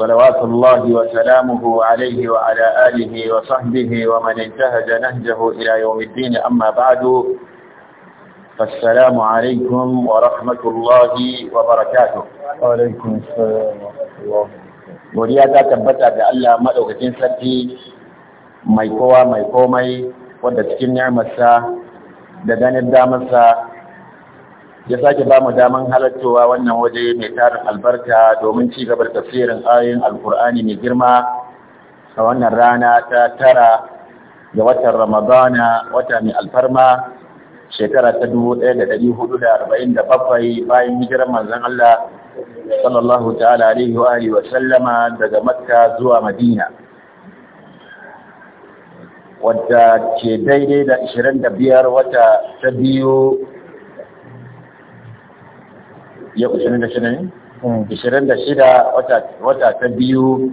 صلوات الله وسلامه عليه وعلى آله وصحبه ومن انتهج نهجه إلى يوم الدين أما بعد فالسلام عليكم ورحمة الله وبركاته وعليكم السلام ورحمة الله godiya ta tabbata ga Allah maɗaukacin sarki mai kowa mai komai wadda cikin ni'amarsa da ganin damarsa ya sake ba mu daman halartowa wannan waje mai tarin albarka domin ci gabar tafsirin ayoyin alkur'ani mai girma a wannan rana ta tara ga watan ramadana wata mai alfarma shekara ta 1447 bayan hijirar manzon Allah sallallahu ta'ala alaihi wa alihi wa sallama daga makka zuwa madina wadda ke daidai da 25 wata ta biyu yau 26 ne? 26 hmm. wata ta biyu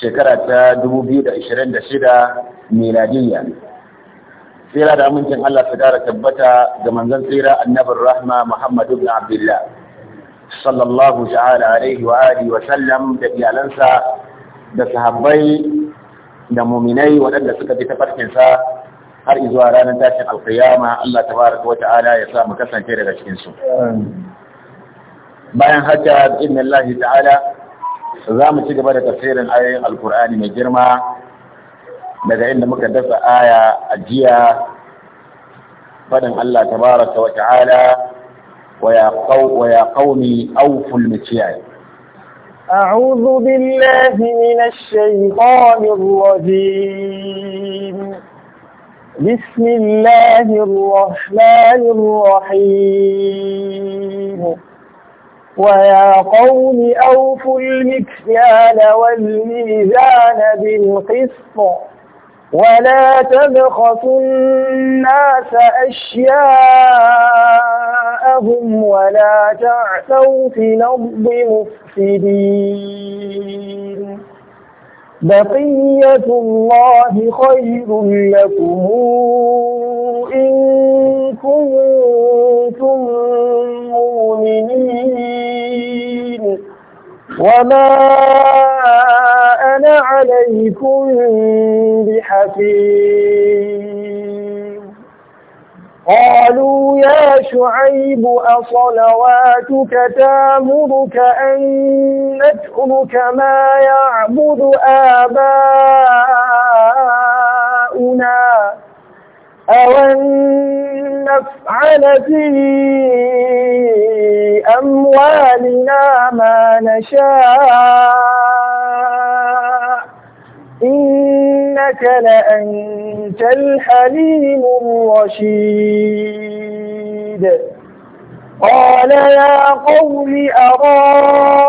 shekara ta 2026 miladiyya. Tsira da amincin Allah su dara tabbata ga manzan tsira annabar rahma Muhammadu bin Abdullah. Sallallahu sha'ala alaihi wa alihi wa sallam da iyalansa da sahabbai da muminai waɗanda suka bi tafarkinsa har izuwa ranar tashin alkiyama Allah Ta wa ta'ala ya sa mu kasance daga cikinsu. bayan haka inna Allah ta'ala za mu ci gaba da tafsirin ayoyin alkur'ani mai girma daga inda muka dasa aya a jiya fadin Allah tabaraka wa ta'ala wa ya qawmi awful mutiyai أعوذ بالله من الشيطان الرجيم بسم الله الرحمن الرحيم ويا قوم أوفوا المكيال والميزان بالقسط ولا تبخسوا الناس أشياءهم ولا تعثوا في الأرض مفسدين بقية الله خير لكم إن كنتم مؤمنين وما أنا عليكم بحفيظ قالوا يا شعيب أصلواتك تامرك أن نترك ما يعبد آباؤنا أو أن نفعل في أموالنا ما نشاء إنك لأنت الحليم الرشيد قال يا قوم أرأيتم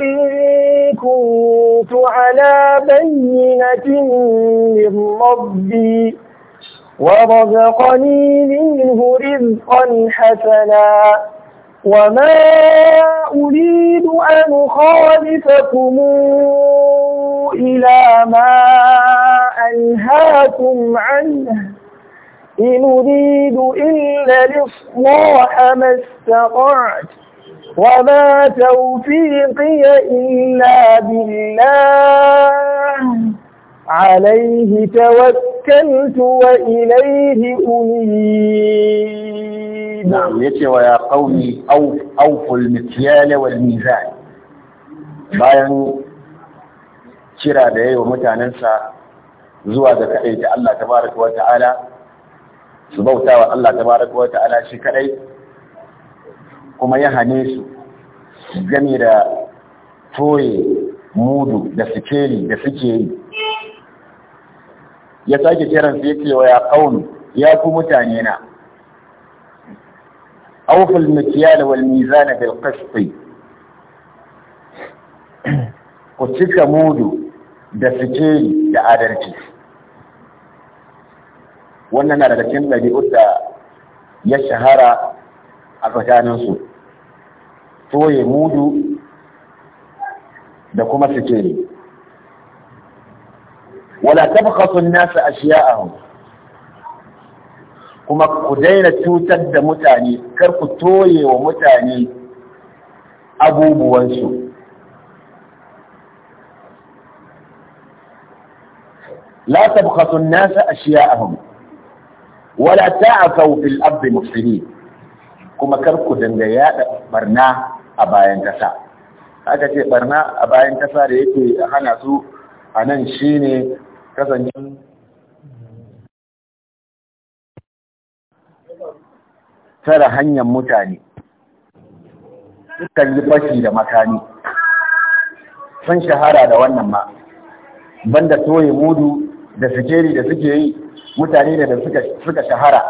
إن كنت على بينة من ربي ورزقني منه رزقا حسنا وما أريد أن أخالفكم إلى ما أنهاكم عنه إن أريد إلا الإصلاح ما استطعت وما توفيقي إلا بالله عليه توكلت وإليه أنيب na'am yace wa ya qaumi aw wal mizan bayan kira da yayi wa mutanensa zuwa ga kadai ta Allah tabaraka wa ta'ala su bauta wa Allah tabaraka wa ta'ala shi kadai kuma ya hane su game da toye mudu da sikeli da suke yi ya sake kiransu yake wa ya qaumi ya ku mutane na أوفوا المكيال والميزان بالقسط وتسكى mudu da sikeli da adalci wannan na daga cikin ɗabi'u da ya shahara a tsakaninsu toye mudu da kuma sikeli wala tabkhasu an-nasa ashiya'ahum kuma ku daina cutar da mutane kar ku toye wa mutane abubuwansu la tabkhasu an-nasa ashiya'ahum wala ta'afu fil ardi mufsidin kuma kar ku dinga yada barna a bayan kasa aka ce barna a bayan kasa da yake hana su a nan shine kasancin tara hanyar mutane sukan yi fashi da makani sun shahara da wannan ma banda soye mudu da sikeri da suke yi mutane da suka shahara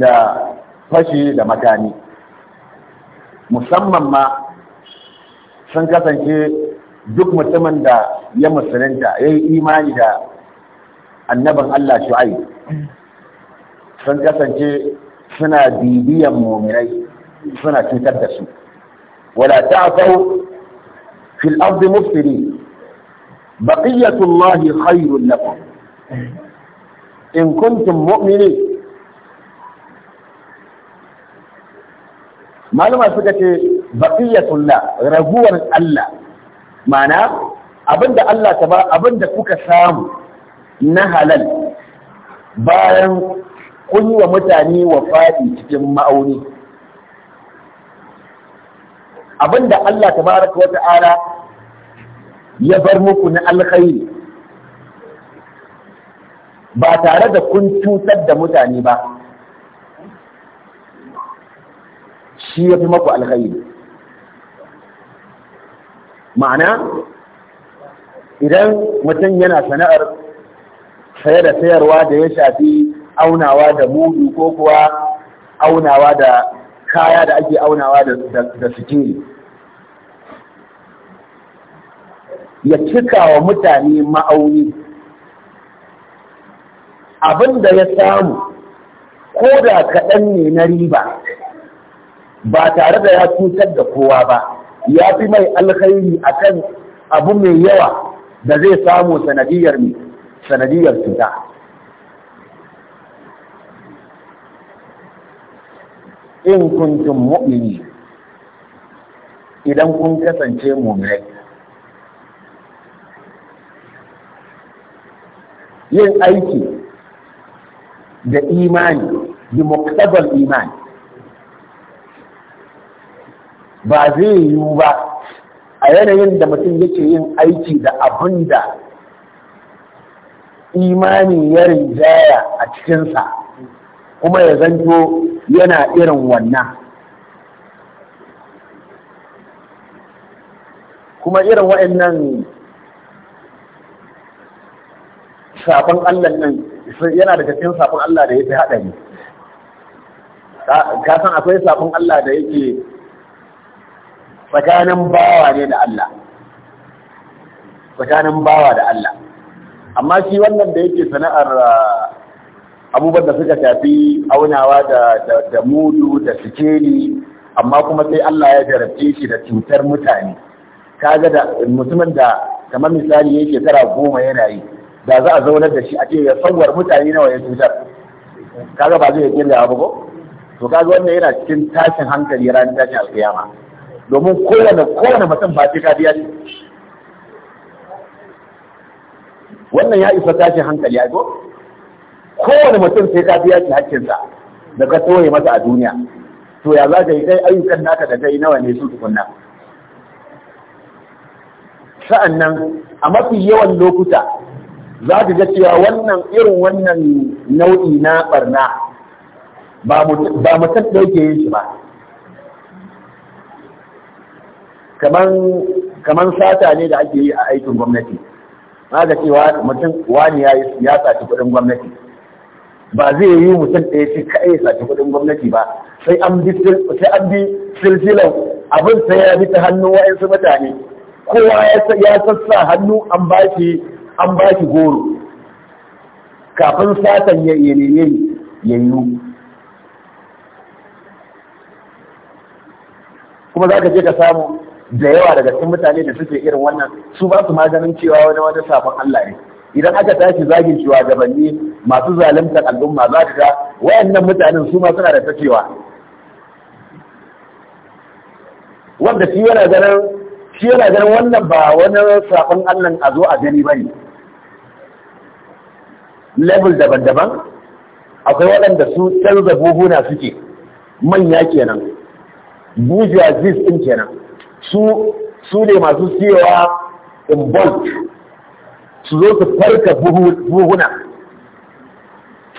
da fashi da makani musamman ma sun kasance duk mutumin da ya musulunta ya yi imani da annabin Allah shu'ai sun kasance suna bibiyan muminai suna cutar da su wala ta'tau fil ardi mufsidin baqiyatullahi khairul lakum in kuntum mu'minin malama suka ce baqiyatullah raguwar Allah mana abinda Allah ta ba abinda kuka samu na halal bayan kun yi wa mutane wa faɗi cikin ma'auni Abin da Allah ta tabaraka wa ta'ala ya bar muku na alkhairi ba tare da kun cutar da mutane ba shi ya fi maku alkhairi ma'ana idan mutum yana sana'ar sayar da sayarwa da ya shafi aunawa da mudu ko kuwa aunawa da kaya da ake aunawa da sikiri ya cika wa mutane ma'auni abin da ya samu ko da kaɗan ne na riba ba tare da ya cutar da kowa ba ya fi mai alkhairi akan abu mai yawa da zai samu sanadiyar cuta in kuntum mu'mini idan kun kasance mu'minai yin aiki da imani bi muktabal imani ba zai yiwu ba a yanayin da mutum yake yin aiki da abinda imani ya rinjaya a cikinsa kuma ya zanto yana irin wannan kuma irin waɗannan shafin Allah nan yana daga cikin safin Allah da ya fi haɗari ka san akwai safin Allah da yake tsakanin bawa ne da Allah tsakanin bawa da Allah amma shi wannan da yake sana'ar abubuwan da suka shafi aunawa da da mudu da sikeli amma kuma sai Allah ya jarabce shi da cutar mutane kaga da mutumin da kamar misali yake shekara goma yana yi da za a zaunar da shi a ce ya sauwar mutane nawa ya cutar kaga ba zai kirga da ko to kaga wannan yana cikin tashin hankali ranar tashin alkiyama domin kowane kowane mutum ba sai kadiya ne wannan ya isa tashin hankali ya ko kowane mutum sai ka biya shi haƙƙinsa da ka soye masa a duniya to ya za ka yi kai ayyukan naka da kai nawa ne su tukunna sa'annan a mafi yawan lokuta za ka ga cewa wannan irin wannan nau'i na barna ba mutum da yake yin shi ba Kamar sata ne da ake yi a aikin gwamnati na ga cewa mutum wani ya saci kuɗin gwamnati ba zai yi mutum ɗaya ce ya sace kuɗin gwamnati ba sai an bi sai silsilan abin sai ya bi ta hannu wa'ansu mutane kowa ya sassa hannu an ba shi an ba shi goro kafin satan ya yi ya yi kuma za ka je ka samu da yawa daga cikin mutane da suke irin wannan su ba su maganin cewa wani wani sabon Allah ne idan aka tashi zagin shugabanni masu zaluntar al'umma za ta wayannan mutanen su ma suna da ta wanda shi yana ganin shi yana ganin wannan ba wani sakon Allah a zo a gani ba ne level daban-daban akwai waɗanda su canza buhuna suke manya kenan buja zis ɗin kenan su ne masu siyowa in bulk su zo su farka buhuna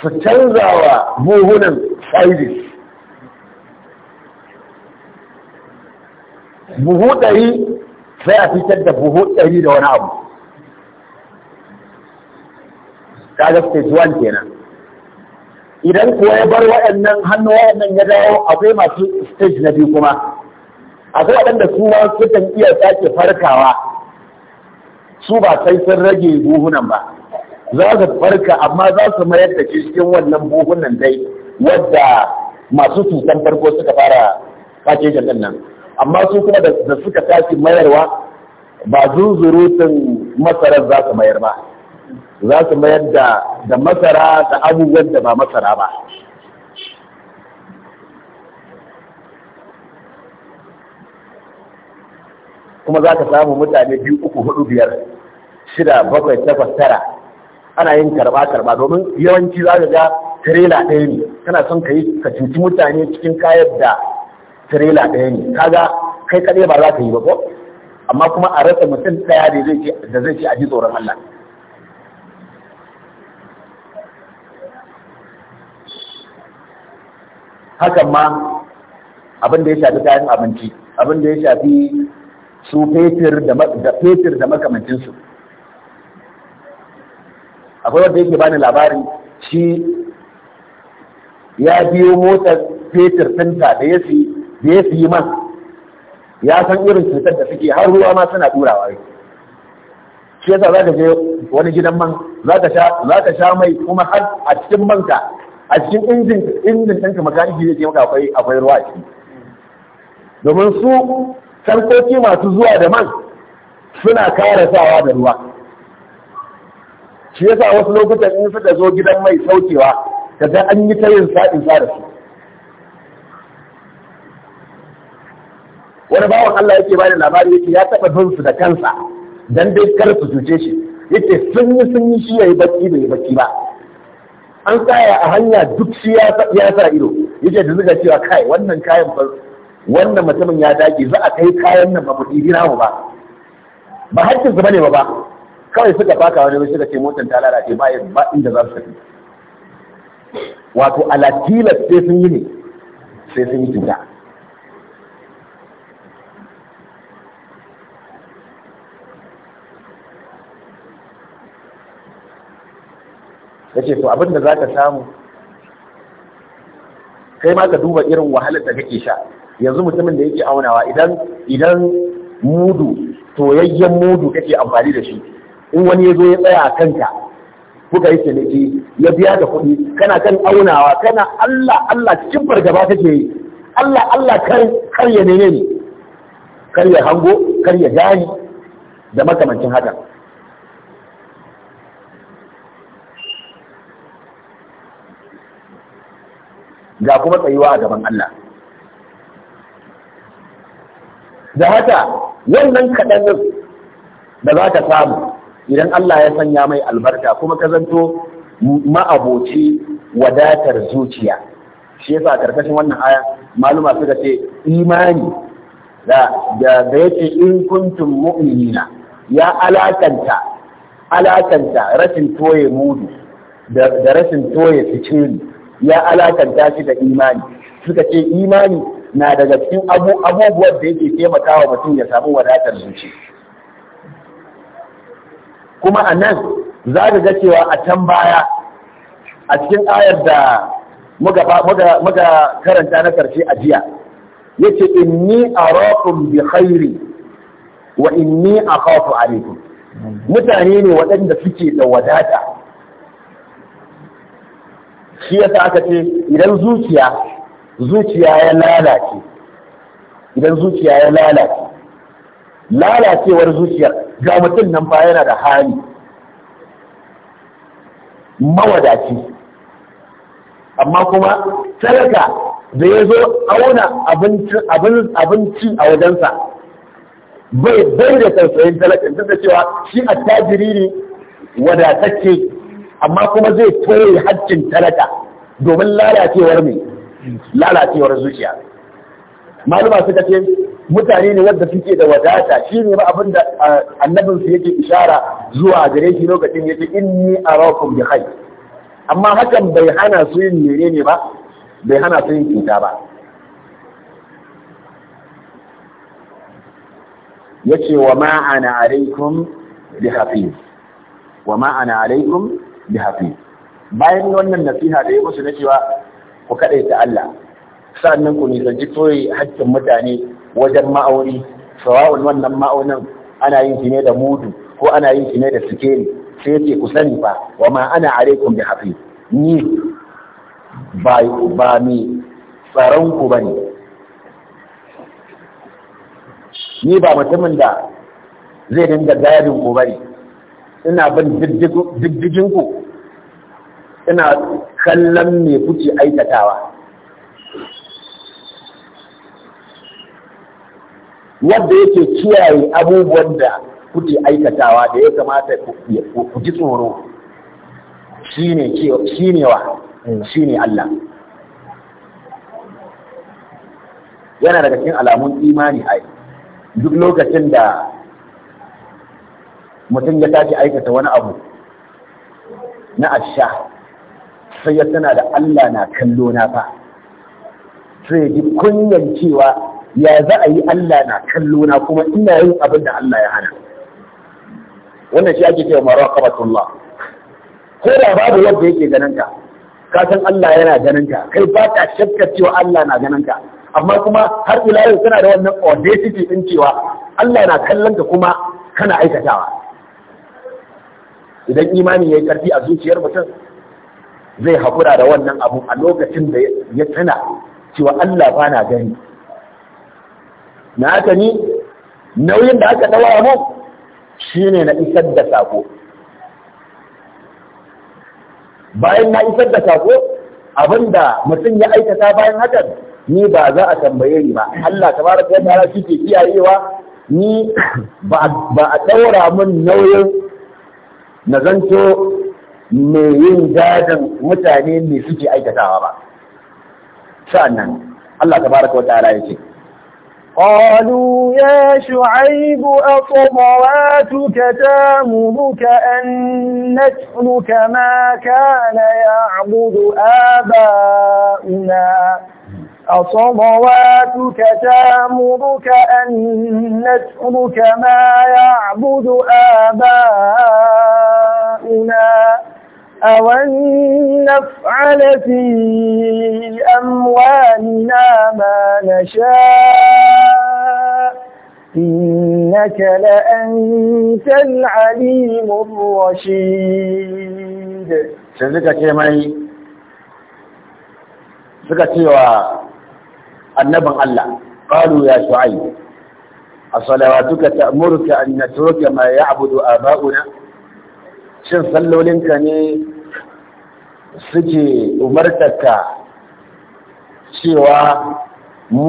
su canza wa buhunan sizes buhu ɗari sai a fitar da buhu ɗari da wani abu kaga stage one kenan idan kuwa ya bar waɗannan hannu waɗannan ya dawo akwai masu stage na biyu kuma akwai waɗanda su ma iya sake farkawa su ba sai sun rage buhunan ba za su farka amma za su mayar da cikin wannan buhunan dai wadda masu cutan farko suka fara fakejin din nan amma su kuma da suka tashi mayarwa ba zunzurutun masara za su mayar ba za su mayar da masara da abubuwan da ba masara ba kuma za ka samu mutane biyu uku hudu biyar shida bakwai takwas tara ana yin karba karba domin yawanci za ka ga tirela ɗaya ne kana son ka yi ka cuci mutane cikin kayan da tirela ɗaya ne kaga kai kaɗai ba za ka yi ba ko amma kuma a rasa mutum ɗaya da zai ce a ji tsoron Allah hakan ma abin da ya shafi kayan abinci abin da ya shafi su fetur da fetur da makamancinsu akwai wanda yake bani labari shi ya biyo motar fetur tinta da ya siyi man ya san irin cutar da suke har ruwa ma suna turawa ne. shi yasa za ka je wani gidan man za ka sha za ka sha mai kuma har a cikin manka a cikin injin injin ɗinka makaniki ne ke maka akwai akwai ruwa a ciki domin su Sarkoki masu zuwa da man suna kare sawa da ruwa shi yasa wasu lokutan in suka zo gidan mai saukewa kaga an yi ta yin sa'in sa da su wani bawan Allah yake bani labari yake ya taba bin su da kansa dan dai kar su cuce shi yake sun yi sun yi shi yayi bacci bai bacci ba an tsaya a hanya duk shi ya sa ido yake da zuga cewa kai wannan kayan wannan mutumin ya dage za a kai kayan nan ba mu ɗibi ba ba hakkin su bane ba ba kawai suka baka wani wani suka ce motan ta lalace ba ba inda za su tafi wato Tilas sai sun yi ne sai sun yi cuta ya ce to abinda za ka samu kai ma ka duba irin wahalar da kake sha yanzu mutumin da yake aunawa idan idan mudu toyayyen mudu kake amfani da shi in wani ya zo ya tsaya kanka kuka yi ciniki ya biya da kuɗi kana kan aunawa kana Allah Allah cikin fargaba kake yi Allah Allah kar ya nene ne kar ya hango kar ya gani da makamancin haka ga kuma tsayuwa a gaban Allah da haka wannan kaɗanin da za ka samu idan Allah ya sanya mai albarka kuma ka zanto ma'aboci wadatar zuciya shi yasa karkashin wannan aya maluma suka ce imani da da yake in kuntum mu'minina ya alakanta alakanta rashin toye mudu da rashin toye ficili ya alakanta shi da imani suka ce imani na daga cikin abubuwan da yake taimakawa mutum ya samu wadatar zuci kuma a nan za ka ga cewa a can baya a cikin ayar da muka karanta na karshe a jiya yace inni rafin bi khairi wa inni akhafu alaikum mutane ne waɗanda suke da wadata shi yasa aka ce idan zuciya zuciya ya lalace idan zuciya ya lalace lalacewar zuciyar ga mutum nan ba yana da hali mawadaci amma kuma talaka da ya zo auna abinci a wajensa bai bai da tausayin talaka, duk da cewa shi attajiri ne wadatacce amma kuma zai toye haccin talaka domin lalacewar mai lalacewar zuciya maluma suka ce mutane ne wanda suke da wadata shi ne ba abinda annabinsu yake ishara zuwa gare shi lokacin yake inni arakum bi khair amma hakan bai hana su yin menene ba bai hana su yin cuta ba yace wa ma ana alaikum bi hafiz wa ma ana alaikum bi hafiz bayan wannan nasiha da ya musu na cewa ku kaɗaita Allah sannan ku nisanci toye hakkin mutane wajen ma'auni sawa'un wannan ma'aunin ana yin shi ne da mudu ko ana yin shi ne da sikeli sai ce ku sani fa wa ma ana alaikum bi hafi ni ba ba mi tsaron ku bane ni ba mutumin da zai dinga gadin ku bane ina bin diddigin ina kallon mai kuke aikatawa wanda yake kiyaye abubuwan da kuke aikatawa da ya kamata ku ji tsoro shine wa shine Allah yana daga cikin alamun imani a duk lokacin da mutum ya tashi aikata wani abu na asha sai ya tana da Allah na kallo na fa sai ji kunyan cewa ya za a yi Allah na kallo na kuma ina yin abin da Allah ya hana wannan shi ake cewa maraqabatullah ko da babu wanda yake ganinka, ka san Allah yana ganinka kai ba ka shakkar cewa Allah na ganinka. amma kuma har ila yau kana da wannan audacity din cewa Allah na kallon ka kuma kana aikatawa idan imani ya yi a zuciyar mutum zai haƙura da wannan abu a lokacin da ya tsina cewa Allah ba na gani na haka ni nauyin da aka ɗawa mu shine na isar da sako bayan na isar da sako abinda mutum ya aikata bayan hakan ni ba za a tambaye ni ba Allah ta tabaraka ta ta'ala shi ke kiyayewa ni ba a ɗaura mun nauyin na zanto mai yin gadon mutane mai suke aikatawa ba sa'annan Allah tabaraka wa ta'ala yake قالوا يا شعيب أطمواتك تامرك أن نترك ما كان يعبد آباؤنا أصلواتك تامرك أن نترك ما يعبد آباؤنا أَوَنْ نَفْعَلَ فِي أَمْوَالِنَا مَا نَشَاءُ إِنَّكَ لَأَنْتَ الْعَلِيمُ الرَّشِيدُ شذلك ce mai suka cewa annabin Allah qalu ya shu'aib as-salawatuka ta'muruka an natruka ma ya'budu aba'una shin sallolinka ne suke umartaka cewa mu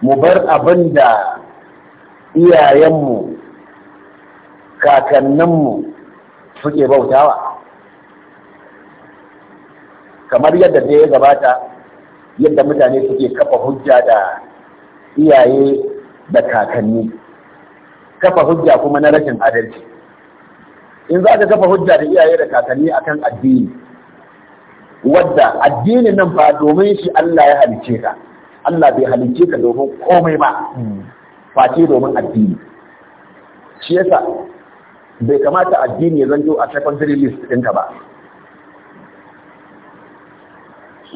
mu bar abin da iyayenmu kakanninmu suke bautawa kamar yadda da ya gabata yadda mutane suke kafa hujja da iyaye da kakanni kafa hujja kuma na rashin adalci in za ka kafa hujja da iyaye da kakanni kan addini wadda addini nan ba domin shi Allah ya halice ka Allah bai halice ka domin komai ba face domin addini shi yasa bai kamata addini ya zanto a secondary list ɗinka ba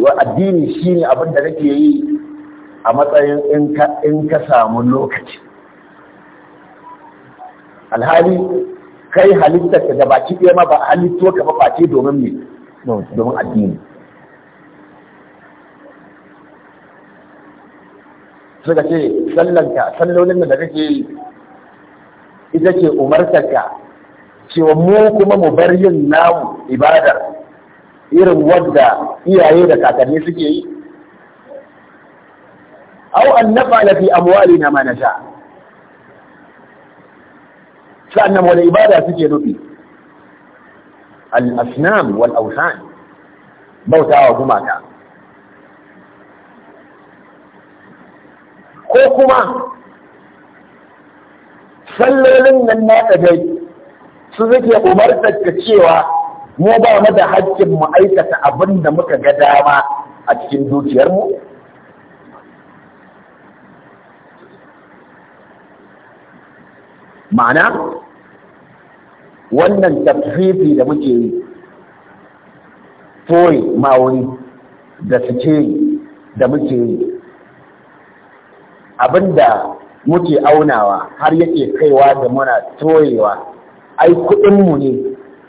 wa addini shine abin da nake yi a matsayin in ka samu lokaci alhali kai halittar ka gabaki ɗaya ma ba halitto ka ba face domin me domin addini suka ce sallanka sallolin da kake yi ita ce umartarka cewa mu kuma mu bar yin namu ibadar irin wadda iyaye da kakanni suke yi au an nafa fi amwalina ma nasha sa'annan wani ibada suke nufi al-asnam wal awsan bautawa gumaka ko kuma sallolin nan na ɗagai su suke umartar ka cewa mu ba mu da haƙƙin mu aikata abin da muka ga dama a cikin dukiyarmu ma'ana wannan tafifi da muke yi toye ma'auni da suke da muke yi abinda muke aunawa har yake kaiwa da muna toyewa ai kuɗinmu ne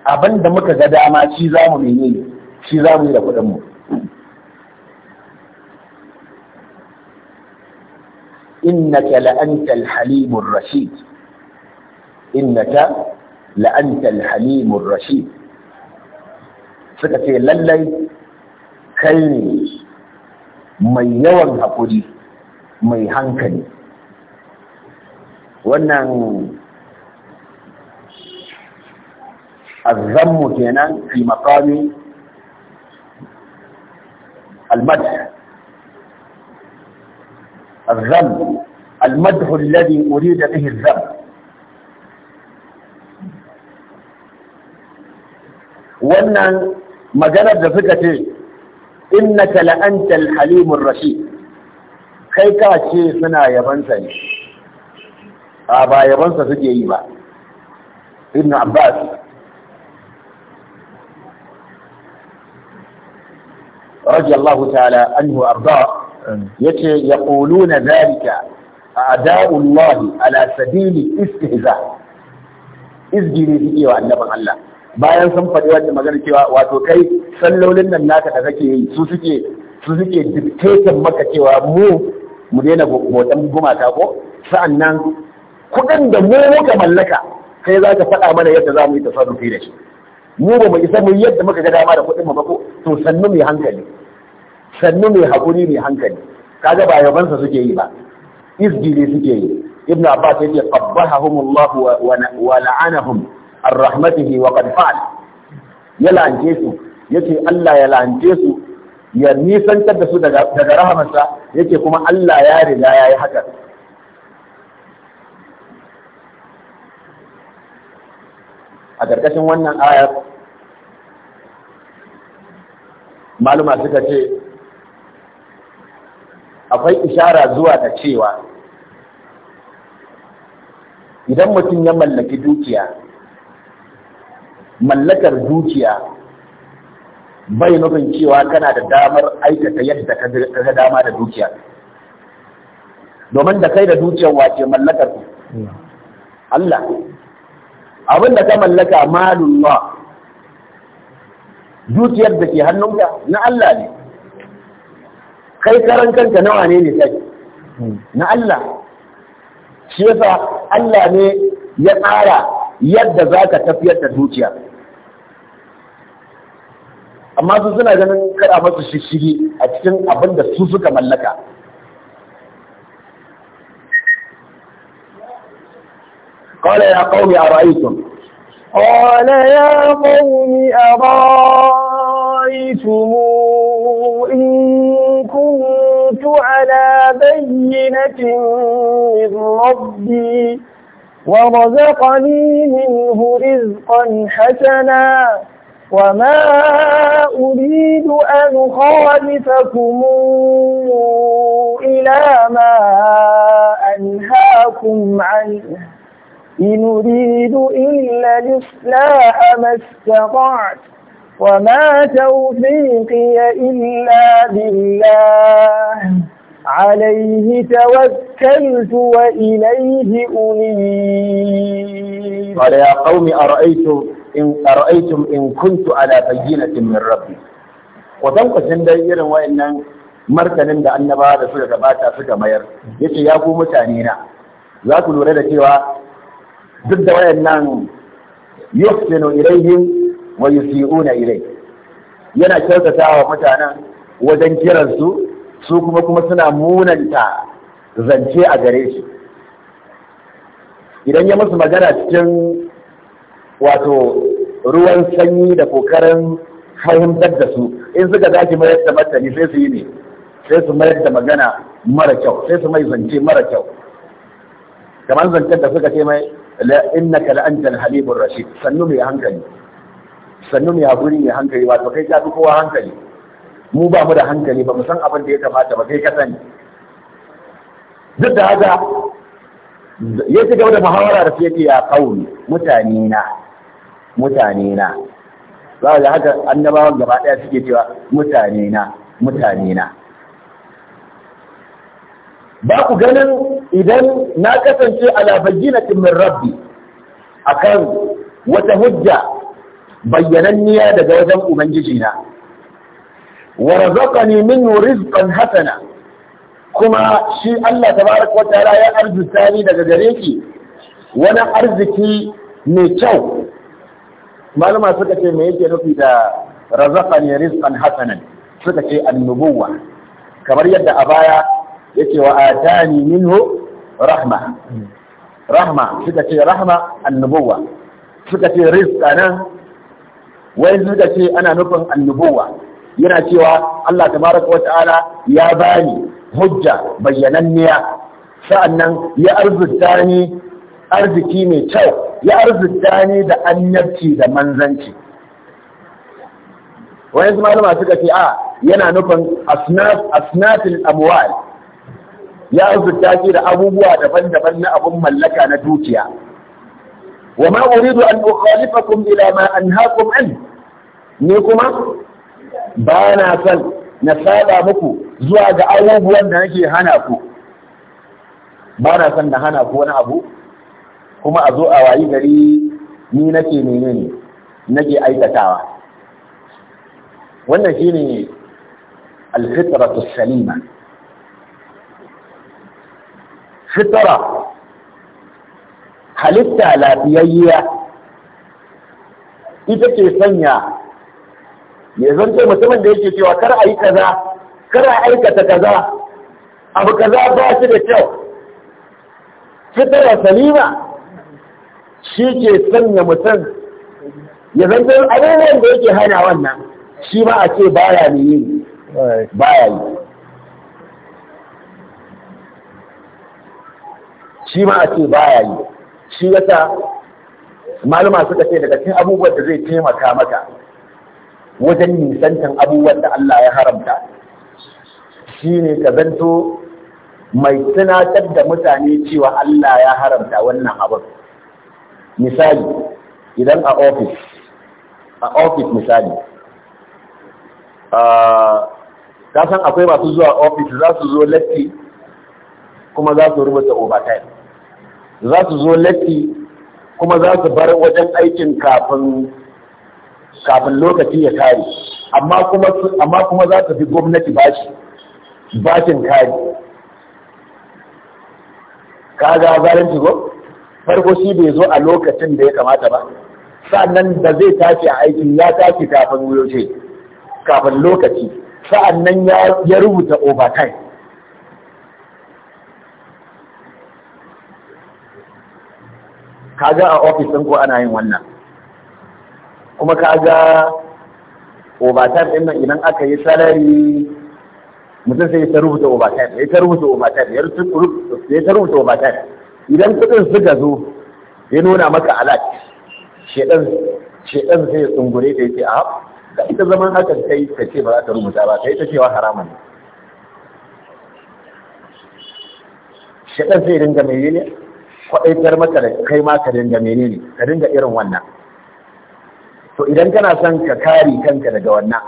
abinda muka ga dama shi za mu ne shi za mu yi da kuɗinmu innaka la'antal halimur rashid innaka لأنت الحليم الرشيد فتكي للي كيني مي يوان هكولي مي هنكني وانن الزم كينان في مقام المدح الزم المدح الذي أريد به الزم wannan maganar da suka ce innaka la'antal halimur rashid kai ka ce suna yabansa ne a ba yabansa suke yi ba ibn abbas رضي الله تعالى عنه وارضاه يقولون ذلك اعداء الله على سبيل الاستهزاء izgiri suke wa annaban Allah bayan sun faɗi wannan magana cewa wato kai sallolin nan naka da kake yi su suke su suke maka cewa mu mu daina bautan gumata ko sa'annan kuɗin da mu muka mallaka kai za ka faɗa mana yadda za mu yi tasarrufi da shi mu ba mu isa mu yadda muka ga dama da kuɗin mu ba ko to sannu mai hankali sannu mai hakuri mai hankali kaga ba yabansa suke yi ba izgili suke yi ibnu abbas yake qabbahahum allah wa la'anahum an rahmatihi wa qad fa'al ya la'ance su yace Allah ya la'ance su ya nisantar da su daga daga rahamarsa yace kuma Allah ya riga yayi haka a ƙarƙashin wannan ayar maluma suka ce akwai ishara zuwa da cewa idan mutum ya mallaki dukiya mallakar dukiya bai nufin cewa kana da damar aikata yadda ka ga dama da dukiya domin da kai da dukiyar wace mallakar ku Allah abin da ka mallaka malullah dukiyar da ke hannunka na Allah ne kai karan kanka nawa ne ne kai na Allah shi yasa Allah ne ya tsara yadda zaka tafiyar da dukiya amma su suna ganin kada masu shishiri a cikin abin da su suka mallaka قال يا قوم أرأيتم قال يا قوم أرأيتم إن كنت على بينة من ربي ورزقني منه رزقا حسنا وما أريد أن خالفكم إلى ما أنهاكم عنه إن أريد إلا الإصلاح ما استطعت وما توفيقي إلا بالله عليه توكلت وإليه أنيب قال يا قوم أرأيتم in ara'aytum in kuntu ala bayyinatin min rabbi kwatankwacin dai irin wayannan markanin da annaba da suka gabata suka mayar yace ya ku mutane na za ku lura da cewa duk da wayannan yuhsinu ilaihim wa yusi'una ilayhi yana kyautata wa mutanen wajen kiransu su kuma kuma suna munanta zance a gare shi idan ya musu magana cikin wato ruwan sanyi da kokarin fahimtar da su in suka zaki mayar da martani sai su yi ne sai su mayar da magana mara kyau sai su mai zance mara kyau kamar zancen da suka ce mai innaka la antal halibur rashid sannu mai hankali sannu mai hakuri mai hankali wato kai ka fi kowa hankali mu ba mu da hankali ba mu san abin da ya kamata ba kai ka sani duk da haka ya ci gaba da muhawara da su yake ya kauni mutane na mutane na za ga haka annabawan gaba ɗaya suke cewa mutane na mutane na ba ku ganin idan na kasance ala bayyinatin min rabbi akan wata hujja bayyananniya daga wajen ubangiji na wa razaqani min rizqan hasana kuma shi Allah tabaraka wa ta'ala ya arzuta ni daga gare ki wani arziki mai kyau malama suka ce me yake nufi da razaqani rizqan hasanan suka ce annubuwa kamar yadda a baya yake wa atani minhu rahma rahma suka ce rahma annubuwa suka ce rizqana wai suka ce ana nufin annubuwa yana cewa Allah tabaraka wata'ala ya bani hujja bayyananniya sa'annan ya arzuta ni arziki mai kyau ya arzikta ni da anyarci da manzanci wani su malama suka ce a yana nufin asnafin amuwal. ya arzikta shi da abubuwa daban-daban na abun mallaka na dukiya wa ma uridu an ukhalifakum ila ma anhaakum an ni kuma ba na son na saba muku zuwa ga abubuwan da nake hana ku ba na son na hana ku wani abu kuma a zo a wayi gari ni nake menene nake aikatawa wannan shine alfitratu salima fitra halitta lafiyayya ita ce sanya zan zanto mutumin da yake cewa kar a yi kaza kar a aikata kaza abu kaza ba shi da kyau fitra salima shi ke sanya mutum ya zanto abubuwan da yake hana wannan shi ma a ce baya ne yi baya yi shi ma a ce baya yi shi malama suka ce daga cikin abubuwan da zai taimaka maka wajen nisantan abubuwan da Allah ya haramta shi ne ka zanto mai tunatar da mutane cewa Allah ya haramta wannan abin misali idan a ofis a ofis misali ta san akwai masu zuwa ofis za su zo latti kuma za su rubuta overtime za su zo latti kuma za su bar wajen aikin kafin kafin lokaci ya kare amma kuma amma kuma za su fi gwamnati bashi bashin kare kaga zalunci gwamnati farko shi bai zo a lokacin da ya kamata ba sa'annan da zai tashi a aikin ya tashi kafin wuyoce kafin lokaci sa'annan ya rubuta overtime kaga a ofis ɗin ko ana yin wannan kuma kaga overtime ɗin nan idan aka yi salari mutum sai ya ta rubuta overtime ya ta rubuta overtime ya ta rubuta overtime idan kudin suka zo ya nuna maka alat shedan zai tsungure da yake a da ita zaman haka yi ka ce ba za ta rubuta ba yi ta cewa haramun ne shedan sai dinga menene kwadaitar maka da kai ma ka dinga menene ka dinga irin wannan to idan kana son ka kari kanka daga wannan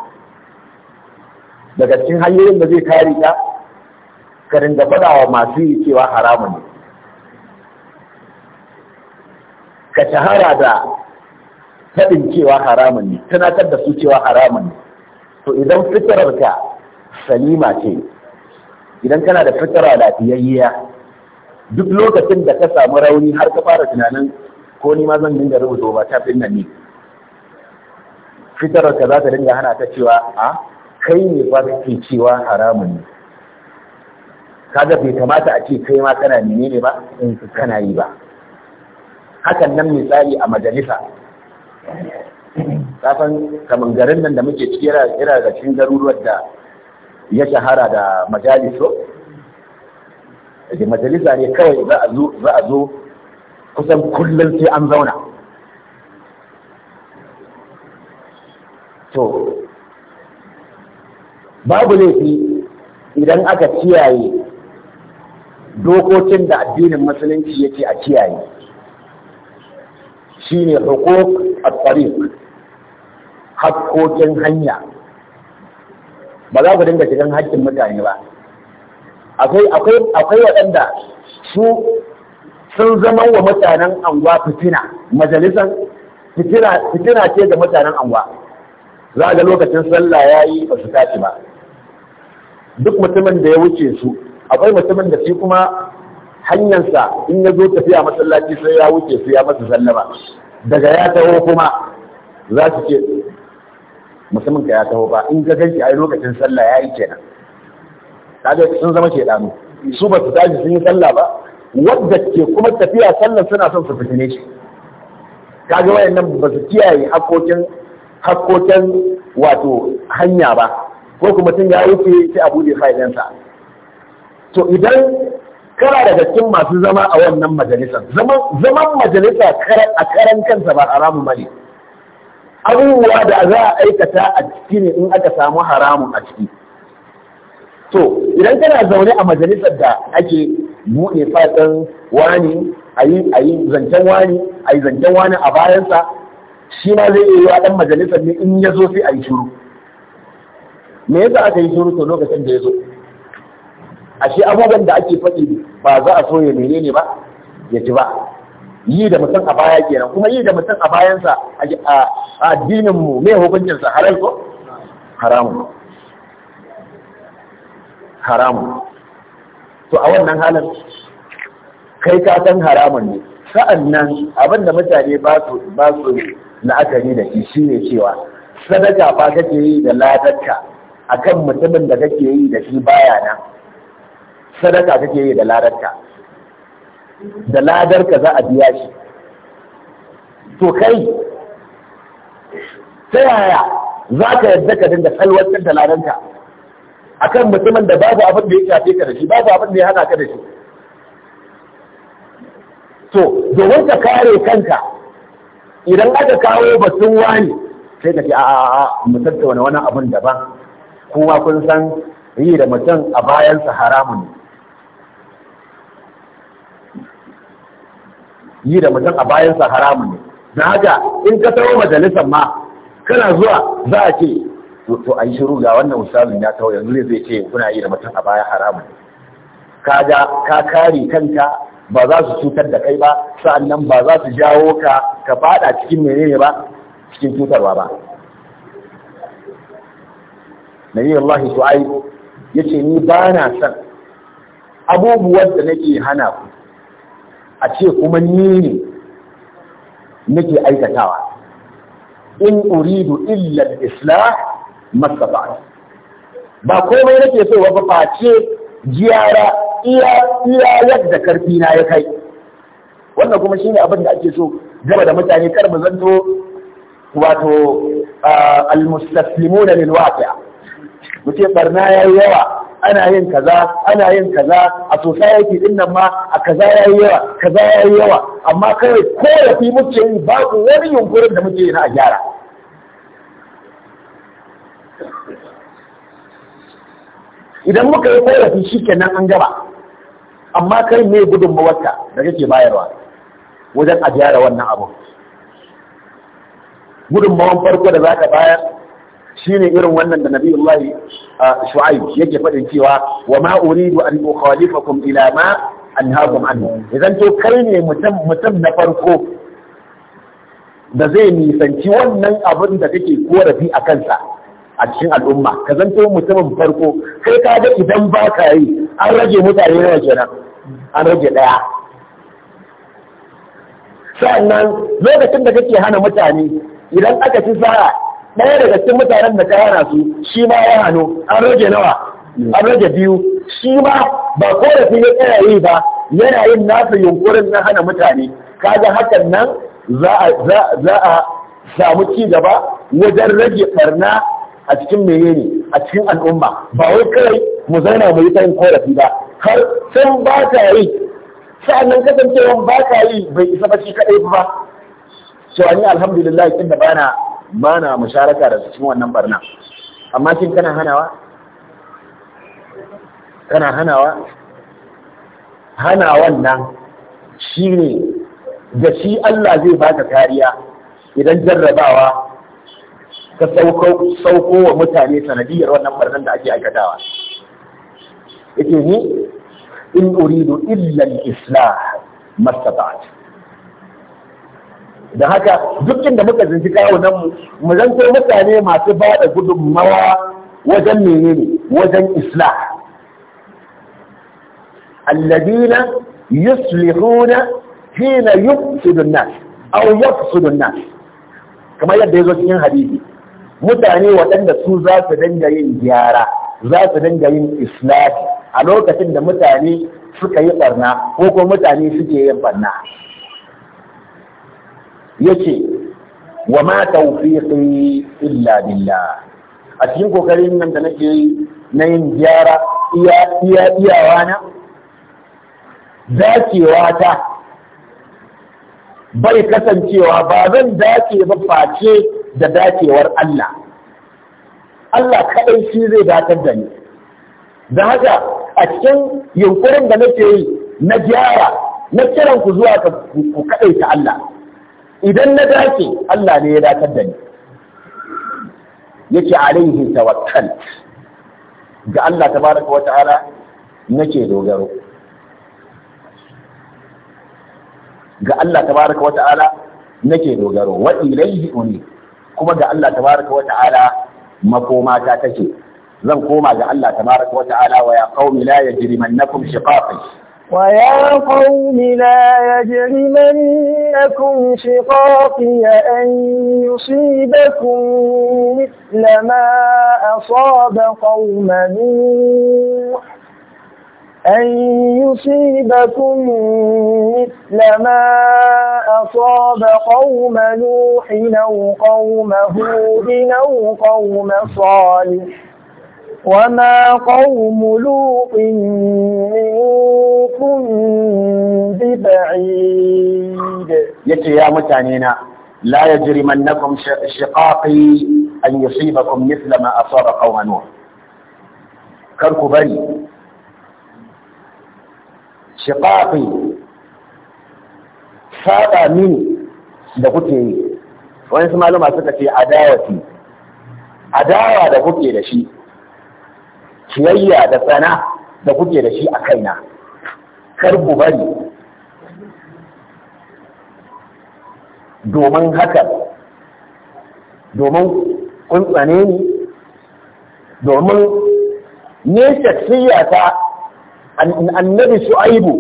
daga cikin hanyoyin da zai kari ka ka dinga faɗa wa masu yi cewa haramun ne ka shahara da faɗin cewa haramun ne tunatar da su cewa haramun ne to idan fitararka salima ce idan kana da fitara lafiyayya duk lokacin da ka samu rauni har ka fara tunanin ko ni ma zan dinga rubuta ba ta fi nan ne fitararka za ta dinga hana ta cewa a kai ne ba ke cewa haramun ne kaga bai kamata a ce kai ma kana menene ba in kana yi ba hakan nan misali a majalisa kafin kamar garin nan da muke ciki yana da cikin garuruwar da ya shahara da majaliso da majalisa ne kawai za a zo kusan kullum sai an zauna to babu laifi idan aka kiyaye dokokin da addinin musulunci yake a kiyaye ne hukuk a tariq hakkokin hanya ba za ku dinga shigan hakkin mutane ba akwai waɗanda su sun zama wa mutanen anguwa fitina majalisan fitina ce ga mutanen anguwa za ga lokacin sallah ya yi ba su tashi ba duk mutumin da ya wuce su akwai mutumin da shi kuma hanyarsa in ya zo tafiya masallaci sai ya wuce su ya masu sallama daga ya taho kuma za su ce musamman ka ya taho ba in ga ganki yi lokacin sallah ya yayi kenan kaga sun zama dano su ba su tashi sun yi sallah ba wadda ke kuma tafiya sallah suna son su fitine shi kaga wayannan ba su kiyaye hakokin hakokin wato hanya ba ko kuma tun ya yi sai abu da fa'idansa to idan kana daga cikin masu zama a wannan majalisar zaman majalisa a karan kansa ba haramun bane abubuwa da za a aikata a ciki ne in aka samu haramun a ciki to idan kana zaune a majalisar da ake buɗe fatan wani a yi zancen wani a yi zancen wani a bayansa shi ma zai iya yiwa ɗan majalisar ne in ya zo sai a yi shuru me yasa aka yi shuru to lokacin da ya zo ashe abubuwan da ake faɗi ba za a so ya menene ba ya ci ba yi da mutum a baya kenan kuma yi da mutum a bayansa a addinin mu mai hukuncinsa halal ko haramun to a wannan halin kai ka san haramun ne sa'annan abin da mutane ba su ba su la'akari da shi shine cewa sadaka ba kake yi da ladarka akan mutumin da kake yi da shi baya nan sadaka kake yi da ladarka da ladarka za a biya shi to kai ta yaya za ka yadda ka dinga salwantar da ladarka kan mutumin da babu abin da ya shafe ka da shi babu abin da ya hana ka da shi to domin ka kare kanka idan aka kawo batun wani sai ka ce a a mu tattauna wani abin daban kowa kun san yi da mutum a bayansa haramun ne yi da mutum a bayansa haramun ne da haka in ka tawo majalisar ma kana zuwa za a ce to a yi shiru ga wannan ustazin ya tawo yanzu zai ce kuna yi da mutum a baya haramun ne ka ka kare kanka ba za su cutar da kai ba sa'annan ba za su jawo ka ka fada cikin menene ba cikin cutarwa ba Nabi Allah Shu'aib yace ni bana son abubuwan da nake hana ku a ce kuma ni ne nake aikatawa in uridu illa al-islah masaba ba komai nake so ba face jiyara iya iya yadda karfi na ya kai wannan kuma shine abin da ake so gaba da mutane kar mu zanto wato ah, al-mustaslimuna lil waqi'a mutum barna yayi yawa ana yin kaza ana yin kaza a society din nan ma a kaza yayi yawa kaza yayi yawa amma kai kawai fi muke yi ku wani yunkurin da muke yi na a gyara idan muka yi korafi shi kenan an gaba amma kai ne gudunmawarka da kake bayarwa wajen a gyara wannan abu gudunmawan farko da za ka bayar Shi ne irin wannan da Allah shu'aib yake faɗin cewa wa ma uridu an ukhalifakum ila ma anhaakum anhu idan to kai ne mutum mutum na farko da zai nisanci wannan abin da kake korafi a kansa a cikin al'umma ka zanto mutumin farko kai ka ga idan ba ka yi an rage mutane nawa kenan an rage ɗaya sannan lokacin da kake hana mutane idan aka ci sa'a ɗaya daga cikin mutanen da ka hana su shi ma ya hano. an rage nawa an rage biyu shi ma ba korafi ya tsaya yi ba yana yin nasa yunkurin na hana mutane kaga hakan nan za a samu ci gaba wajen rage barna a cikin menene a cikin al'umma ba wai kai mu zauna mu yi ta yin korafi ba har sun ba ta yi sa'annan kasancewa ba ta yi bai isa ba shi kaɗai ba cewa ni alhamdulillah inda bana ba na musharaka da cikin wannan barna amma kin kana hanawa kana hanawa hanawan nan shi ne da shi Allah zai baka kariya idan jarrabawa ka sauko wa mutane sanadiyar wannan barnan da ake aikatawa yake ni in uridu illa al-islah mastata'a da haka duk inda muka zinci kawunan mu mu zanto mutane masu ba da gudunmawa wajen menene wajen islah alladina yuslihuna hina yufsidu nas aw yufsidu nas kamar yadda yazo cikin hadisi mutane waɗanda su za su dinga yin gyara za su dinga yin islah a lokacin da mutane suka yi barna ko kuma mutane suke yin barna yace wa ma tawfiqi illa billah a cikin kokarin nan da nake yi na yin gyara iya iya iyawa na dacewa ta bai kasancewa ba zan dace ba face da dacewar Allah Allah kaɗai shi zai datar da ni da haka a cikin yunkurin da nake yi na gyara na kiran ku zuwa ku kaɗaita Allah idan na dace Allah ne ya datar da ni yake alaihi tawakkal ga Allah tabaraka wata'ala nake dogaro ga Allah tabaraka wata'ala nake dogaro wa ilaihi uni kuma ga Allah tabaraka wata'ala makoma ta take zan koma ga Allah tabaraka wata'ala wa ya qaumi la yajrimannakum shiqaqi ويا قوم لا يجرمنكم شقاقي أن يصيبكم مثل ما أصاب قوم نوح أن يصيبكم مثل ما أصاب قوم نوح أو قوم هود أو قوم صالح وما قوم لوط منكم ببعيد يتي يا متانينا لا يجرمنكم شقاقي أن يصيبكم مثل ما أصاب قوم نوح كركو بري شقاقي saba mini da kuke yi wani su malama suka ce adawati adawa da kuke da shi ciyayya da tsana da kuke da shi a kaina kar ku bari domin haka domin kun tsane ni domin ne shaksiya ta annabi shu'aibu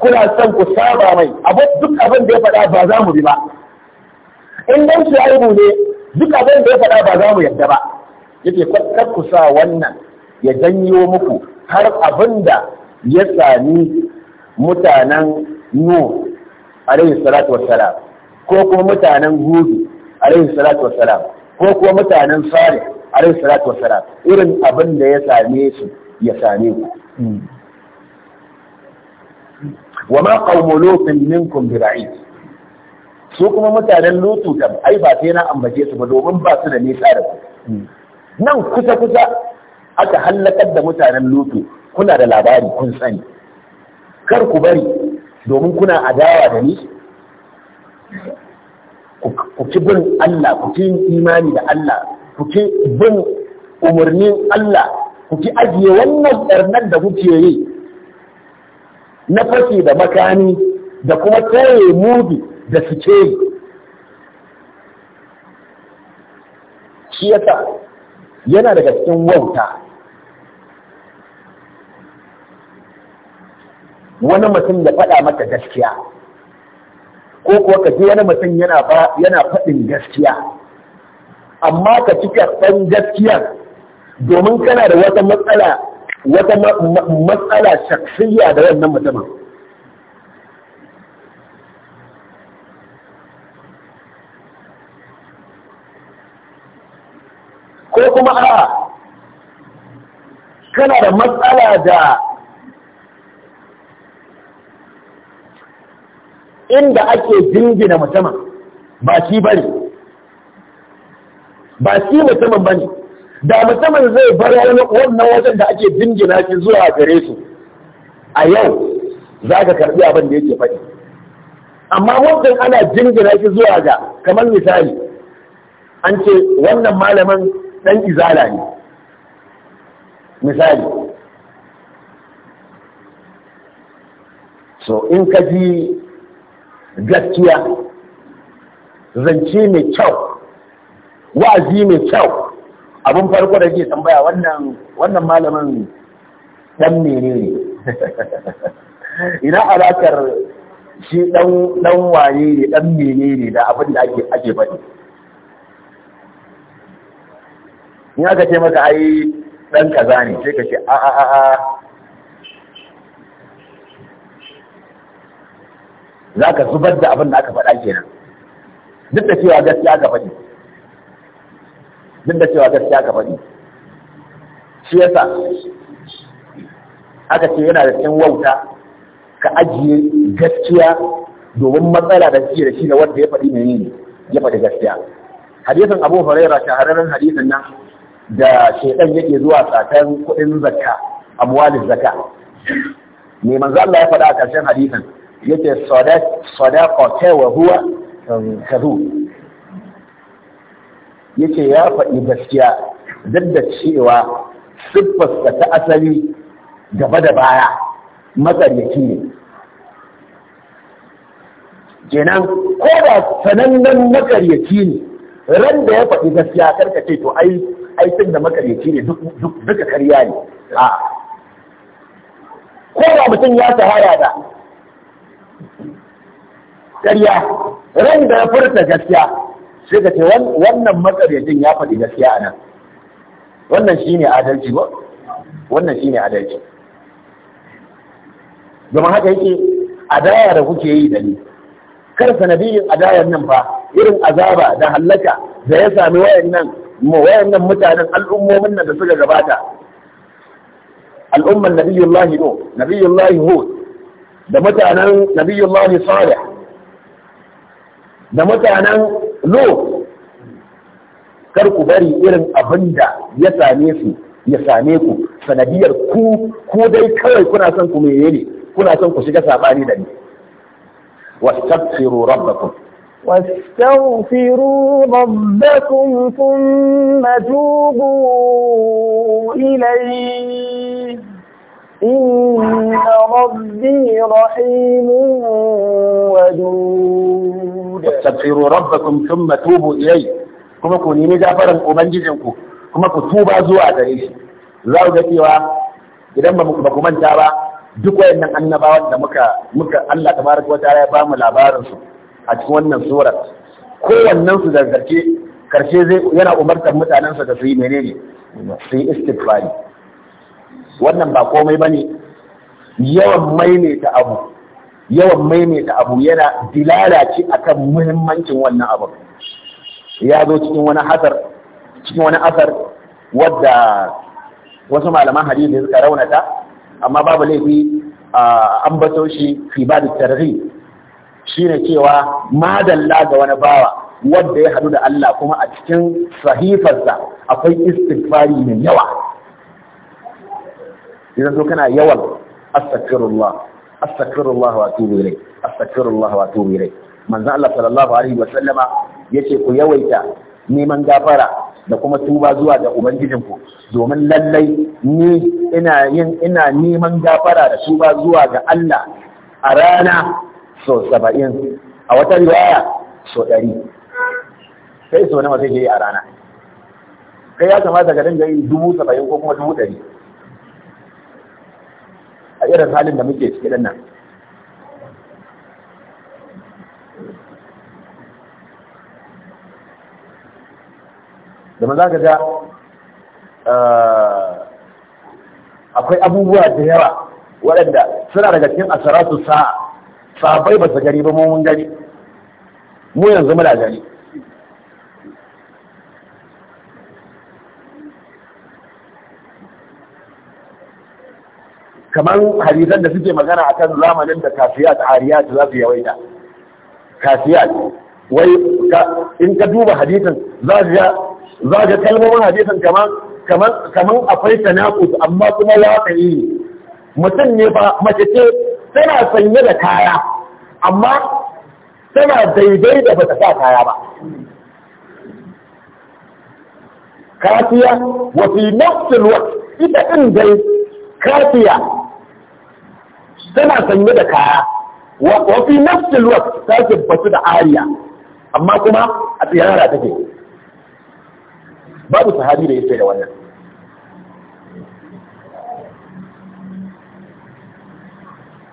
kuna son ku saba mai abu duk abin da ya faɗa ba za mu bi ba in dan shu'aibu ne duk abin da ya faɗa ba za mu yadda ba yake kar ku sa wannan ya janyo muku har abin da ya sami mutanen nu alaihi salatu wassalam ko kuma mutanen hudu alaihi salatu wassalam ko kuma mutanen salih alaihi salatu wassalam irin abin da ya same su ya same ku hmm. wa ma qaumu lutin minkum biba'id su kuma mutanen lutu kam ai ba sai na ambace su ba domin ba su da nisa da ku hmm. nan kusa kusa aka hallakar da mutanen lutu kuna da labari kun sani kar ku bari domin kuna adawa da ni ku ki bin Allah ku ki imani da Allah ku ki bin umarnin Allah ku ki ajiye wannan ɓarnar da kuke yi na fashe da makani da kuma tsaye mudi da suke shi yasa yana daga cikin wauta wani mutum ya faɗa maka gaskiya ko kuwa ka ji wani mutum yana faɗin gaskiya amma ka ci karɓan gaskiya domin kana da wata matsala wata matsala shaksiyya da wannan mutumin ko kuma A, kana da matsala da inda ake jingina mutumin ba shi bane ba shi mutumin ne da mutumin zai bar wannan wajen da ake jingina shi zuwa gare su a yau za ka karbi abin da yake faɗi amma wajen ana jingina shi zuwa ga kamar misali an ce wannan malamin ɗan izala ne misali so in ka ji gaskiya zance mai kyau wa'azi mai kyau abin farko da ke tambaya wannan malamin dan menene ina alakar shi dan waye ne dan menene da abin da ake ake faɗi in aka ce maka ai dan kaza ne sai ka ce a a a za ka zubar da abin da aka faɗa kenan duk da cewa gaskiya aka faɗi duk da cewa gaskiya aka faɗi shi yasa aka ce yana da cikin wauta ka ajiye gaskiya domin matsala da suke da shi da wanda ya faɗi mai ne ya faɗi gaskiya hadisin abu huraira shahararren hadisin nan da shaidan yake zuwa tsakan kuɗin zakka amwalin zakka ne manzo Allah ya faɗa a ƙarshen hadisin yake ta wa huwa um, kazu yake ya faɗi gaskiya duk da cewa siffarsa ta asali gaba da baya matsaryaci ne kenan ko da sanannen makaryaci ne ran da ya faɗi gaskiya karka ce to ai aikin da makaryaci ne duka karya ne a ko da mutum ya tahara da ƙarya ran da ya furta gaskiya sai ka ce wannan matsaryacin ya faɗi gaskiya a nan wannan shi ne adalci ba wannan shi ne adalci domin haka yake adaya da kuke yi da ni kar sanadiyin adayar nan fa irin azaba da hallaka da ya sami wayannan wayannan mutanen al'ummomin nan da suka gabata al'umman nabiyullahi no nabiyullahi hud da mutanen nabiyullahi salih da mutanen lo kar ku bari irin abin da ya same su ya same ku sanadiyar ku ko dai kawai kuna son ku meye ne kuna son ku shiga saɓani da ni wastaghfiru rabbakum واستغفروا ربكم ثم توبوا إليه إن ربي رحيم ودود واستغفروا ربكم ثم توبوا إليه كما كوني نجافرا أبنجزنكم كما كتوبا زوا ذلك za ga cewa idan ba ku manta ba duk wayannan annabawan da muka muka Allah tabaraka wa ta'ala ya ba mu labarin su a cikin wannan sura kowannen su da karshe zai yana umartar mutanensa da su yi menene su yi istighfari wannan ba komai bane yawan maimaita abu yawan maimaita abu yana dilala akan muhimmancin wannan abu ya zo cikin wani hasar cikin wani asar wadda wasu malaman hadisi suka raunata amma babu laifi an bato shi fi ba da shine cewa madalla ga wani bawa wanda ya hadu da Allah kuma a cikin sahifarsa akwai istighfari mai yawa idan zo kana yawan astaghfirullah astaghfirullah wa atubu ilayh astaghfirullah wa atubu ilayh manzo Allah sallallahu alaihi wa sallama yace ku yawaita neman gafara da kuma tuba zuwa ga ubangijinku domin lallai ni ina yin ina neman gafara da tuba zuwa ga Allah a rana so 70 a wata riwaya so 100 sai so nawa kake yi a rana kai ya kamata ka dinga yi dubu saba'in ko kuma dubu ɗari a irin halin da muke ciki nan da za ka ga eh, akwai abubuwa da yawa waɗanda suna daga cikin asaratu sa'a sabai ba su gari ba mun gani mu yanzu muna gari. kamar hadisan da suke magana a kan zamanin da kafiyat ariyat za su yawaita kafiyat wai in ka duba hadisan za ka ga kalmomin hadisan kamar kamar akwai tanakus amma kuma waƙayi ne mutum ne ba mace ce tana sanye da kaya amma tana daidai da bata sa kaya ba kafiya wa fi nafsul ita din dai kafiya tana sanye da kaya wa fi nafsil waqt ta basu da ariya amma kuma a tsirara take babu sahabi da yake da wannan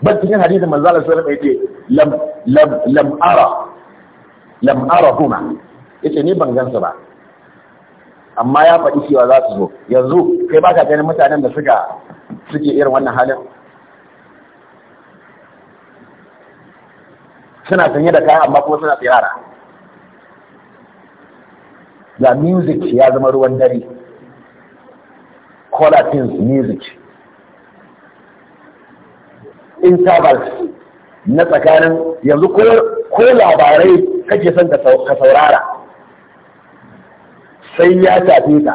bal cikin hadisin manzalar Allah sallallahu ce lam'ara lam'ara, kuma ya ce ni ban ba amma ya faɗi cewa za su zo yanzu kai baka ganin mutanen da suka suke irin wannan halin suna sanye da kaya amma kuma suna tsirara ya music ya zama ruwan dare colatins music intervals na tsakanin yanzu ko labarai kake son ka saurara sai ya tafi ka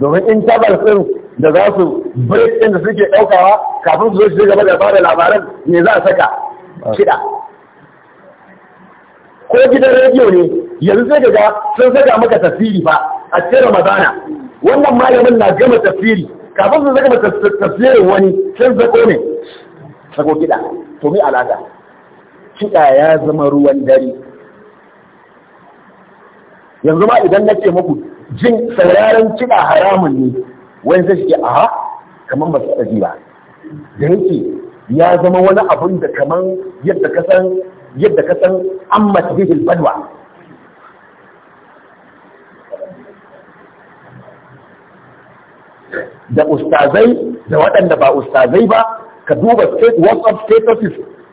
domin intervals din da za su break din da suke ɗaukawa, kafin su zo su gaba da ba da labaran me za a saka kiɗa ko gidan rediyo ne yanzu sai gaga sun saka maka tasiri fa a cikin ramadana wannan malamin na gama tasiri, kafin sun saka tasirin wani sun zako ne sako kiɗa to mai al'ada. kiɗa ya zama ruwan dare yanzu ma idan na ce muku jin sauraron kiɗa haramun ne wani zai shi aha kamar ba su ba da yake ya zama wani abun da kamar yadda ka san yadda ka san ammat bihil Balwa, da ustazai da waɗanda ba ustazai ba ka duba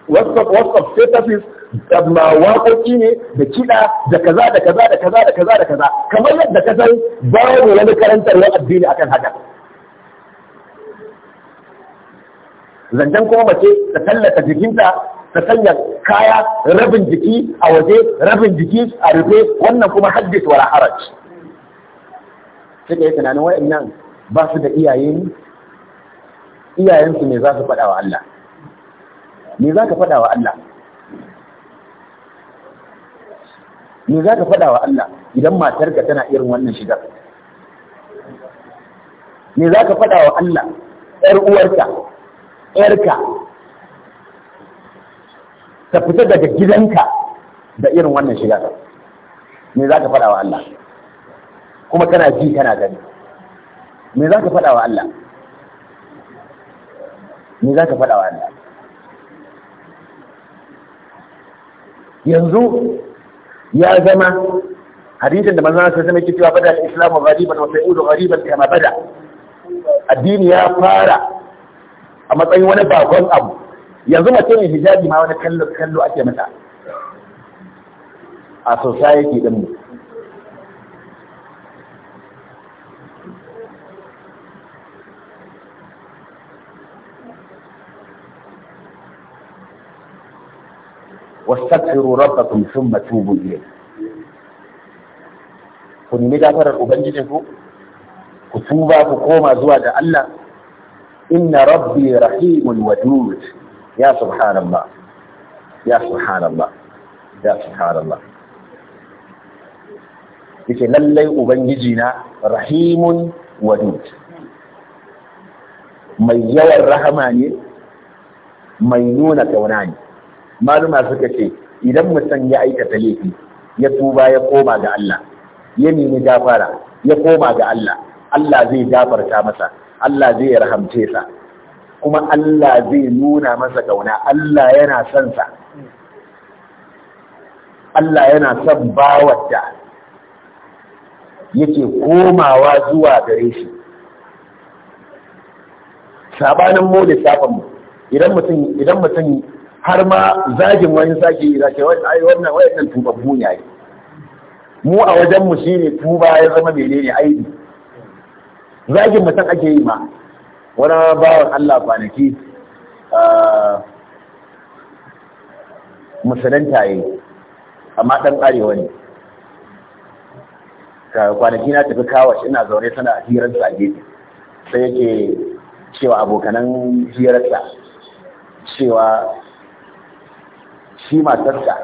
what's of statuses da ma waƙoƙi ne da kiɗa da kaza da kaza da kaza da kaza da kaza kamar yadda ka san babu wani karantar wa addini akan haka zancen kuma mace ta tallata jikinta da sanya kaya rabin jiki a waje rabin jiki a rufe wannan kuma haddis wala haraj suka yi tunanin wayannan ba su da iyaye ne iyayensu ne za su faɗa wa Allah me za ka faɗa wa Allah me za ka faɗa wa Allah idan matarka tana irin wannan shigar me za ka faɗa wa Allah ‘yar uwarka ‘yarka ka fita daga gidanka da irin wannan shiga me za ka faɗa wa Allah kuma kana ji kana gani me za ka faɗa wa Allah me za ka faɗa wa Allah yanzu ya zama hadisin da manzon sai zama cewa bada al-islam ghariban wa sayudu ghariban kama bada addini ya fara a matsayin wani bakon abu yanzu mace mai hijabi ma wani kallo kallo ake mata a society din mu واستغفروا ربكم ثم توبوا إليه ku nemi gafarar ubangijinku ku tuba ku koma zuwa ga Allah inna rabbi rahimun wadud ya subhanallah ya subhanallah ya subhanallah yake lallai ubangiji na rahimun wadud mai yawan rahama ne mai nuna kauna ne maluma suka ce idan mutum ya aikata laifi ya tuba ya koma ga Allah ya nemi gafara ya koma ga Allah Allah zai gafarta masa Allah zai rahamce sa kuma Allah zai nuna masa ƙauna Allah yana son sa Allah yana son bawarta yake komawa zuwa gare shi sabanin mu safan mu idan mutum idan mutum har ma zagin wani sake zake ai wannan dan tubabbu ne ai mu a wajen mu shine tuba ya zama menene aibi zagin mutum ake yi ma wani bawan Allah kwanaki musulunta yi amma ɗan arewa ne kwanaki na tafi kawash ina zaune tana hirarsa a gefe sai yake cewa abokanan hirarsa cewa shi matarsa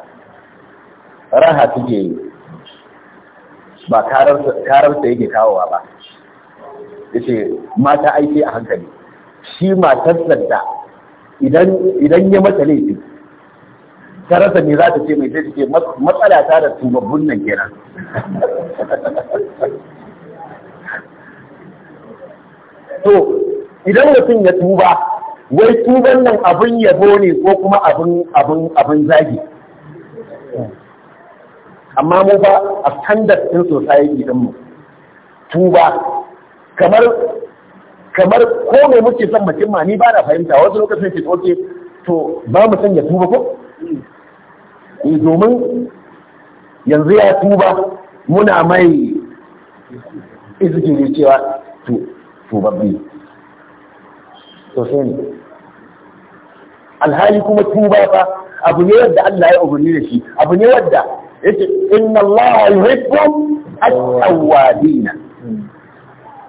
raha suke yi ba kararsa yake kawowa ba yace mata aiki a hankali shi matar da idan ya mata laifi ta rasa me za ta ce mai sai ce matsala ta da tubabbun nan kenan to idan mutum ya tuba wai tuban nan abin yabo ne ko kuma abin abin abin zagi amma mu ba a standard din society din mu tuba kamar kamar ko mai muke son mutum ma ni ba na fahimta wasu lokacin ce oke to ba mu san ya tuba ko eh domin yanzu ya tuba muna mai izikin cewa to tubabbi to sai ne alhali kuma tuba fa abu ne wadda Allah ya umarni da shi abu ne wadda yake inna Allah yuhibbu at-tawwabin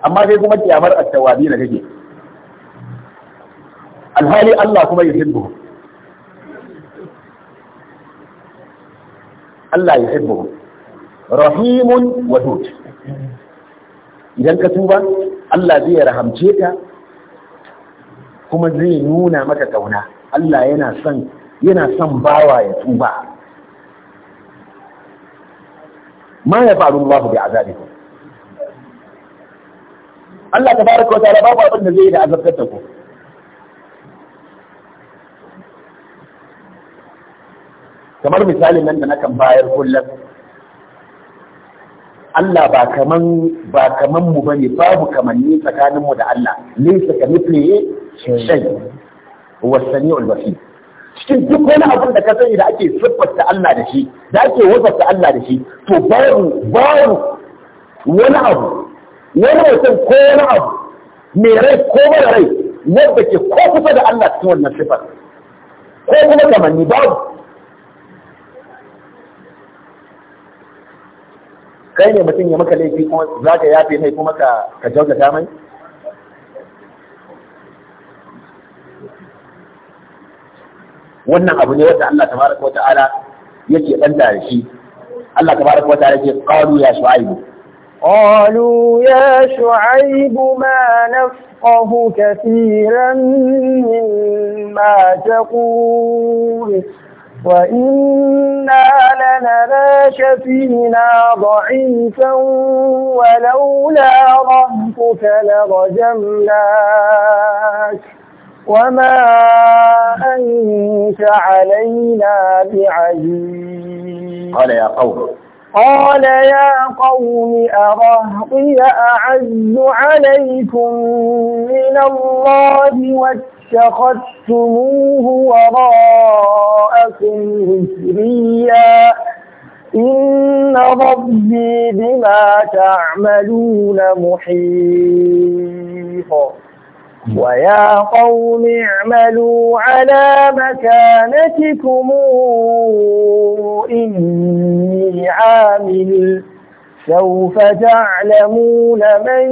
amma sai kuma kiyamar at-tawabi da kake alhali Allah kuma yuhibbu Allah yuhibbu rahimun wadud idan ka tuba Allah zai rahamce ka kuma zai nuna maka kauna Allah yana son yana son bawa ya tuba ma ya faru Allah bi azabikum Allah tabaraka wa ta'ala babu abin da zai yi da azabtar da ku kamar misali nan da nakan bayar kullum Allah ba kaman ba kaman mu bane babu kamanni tsakanin mu da Allah laysa kamithlihi shay huwa as-sami'ul basir cikin duk wani abin da ka sani da ake siffanta Allah da shi da ake wasafta Allah da shi to babu babu wani abu wani mutum ko wani abu mai rai ko mara rai wanda ke ko kusa da Allah cikin wannan sifar ko kuma kamanni babu kai ne mutum ya maka laifi kuma za ka yafe mai kuma ka ka ta mai wannan abu ne wanda Allah tabaraka wa ta'ala yake banta da shi Allah tabaraka wa ta'ala yake qalu ya shu'aibu قالوا يا شعيب ما نفقه كثيرا مما تقول وإنا لنراك فينا ضعيفا ولولا رهتك لرجمناك وما أنت علينا بعزيز قال يا قوم قال يا قوم أرهقي أعز عليكم من الله واتخذتموه وراءكم هسريا إن ربي بما تعملون محيط ويا قوم اعملوا على مكانتكم إني عامل سوف تعلمون من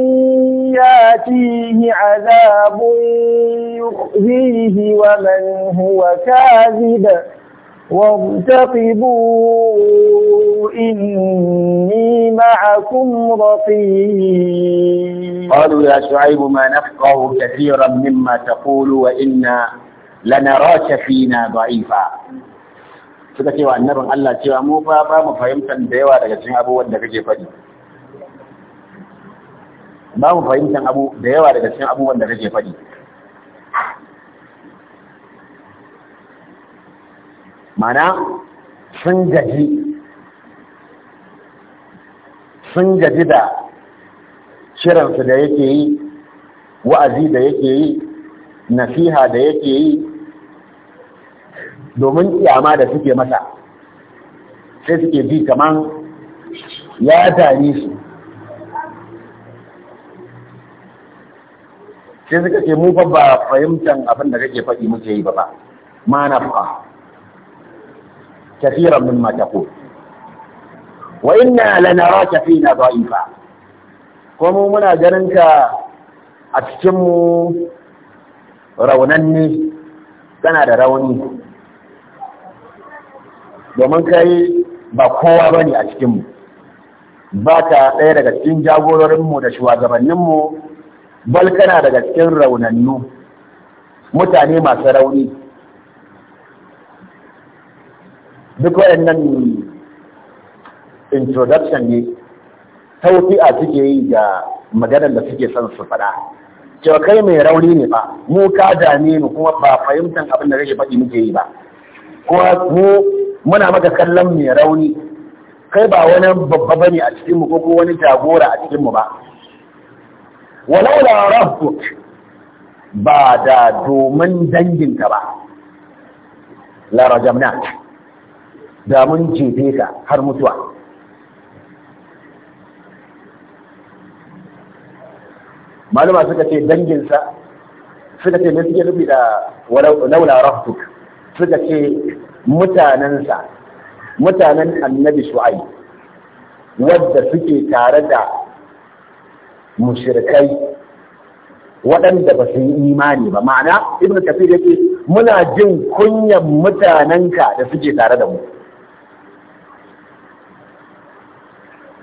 ياتيه عذاب يخزيه ومن هو كاذب وارتقبوا إني معكم رقيب قالوا يا شعيب ما نفقه كثيرا مما تقول وإنا لنراك فينا ضعيفا suka cewa annabin Allah cewa mu fa ba mu fahimtar da yawa daga cikin abubuwan da kake faɗi ba mu fahimtar abu da yawa daga cikin abubuwan da kake faɗi mana sun gaji sun gaji da shirinsu da yake yi wa'azi da yake yi nasiha da yake yi domin kiyama da suke masa sai suke bi kaman ya dame su sai suka ce mu ba fahimtar abin da kake faɗi muke yi ba ba ma na كثيرا مما تقول وإنا لنراك فينا ضعيفا كم منا جننك أتكم رونني كان da rauni domin kai ba kowa ba ne a cikinmu ba ta ɗaya daga cikin jagororinmu da shugabanninmu bal kana daga cikin raunannu mutane masu rauni duk waɗannan introduction ne taufi'a suke yi ga maganar da suke son su faɗa cewa kai mai rauni ne ba mu ka dame mu kuma ba fahimtar abin da rage faɗi muke yi ba kuma mu muna maka kallon mai rauni kai ba wani babba bane a cikin mu ko wani jagora a cikin mu ba da rabbuk ba da domin danginka ba la rajamnak da mun jefe ka har mutuwa malama suka ce danginsa suka ce mai suke rubi da laula rahtuk suka ce mutanensa mutanen annabi shu'ai wadda suke tare da mushirkai waɗanda ba su yi imani ba ma'ana ibn kafir yake muna jin kunyan mutanenka da suke tare da mu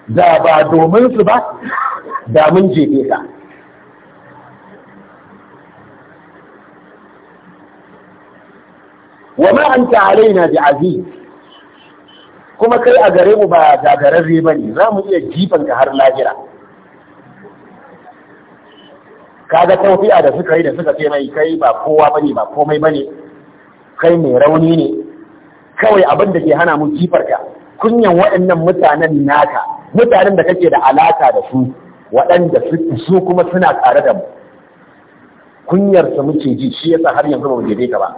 da ba domin su ba da mun jefe ka wa ma alaina bi aziz kuma kai a gare mu ba gagararre bane za mu iya jifan ka har lahira kaga a da suka yi da suka ce mai kai ba kowa bane ba komai bane kai mai rauni ne kawai abin da ke hana mu jifar ka kunyan waɗannan mutanen naka mutanen da kake da alaka da su waɗanda su kuma suna tare da mu kunyarsa muke ji shi yasa har yanzu ba mu ka ba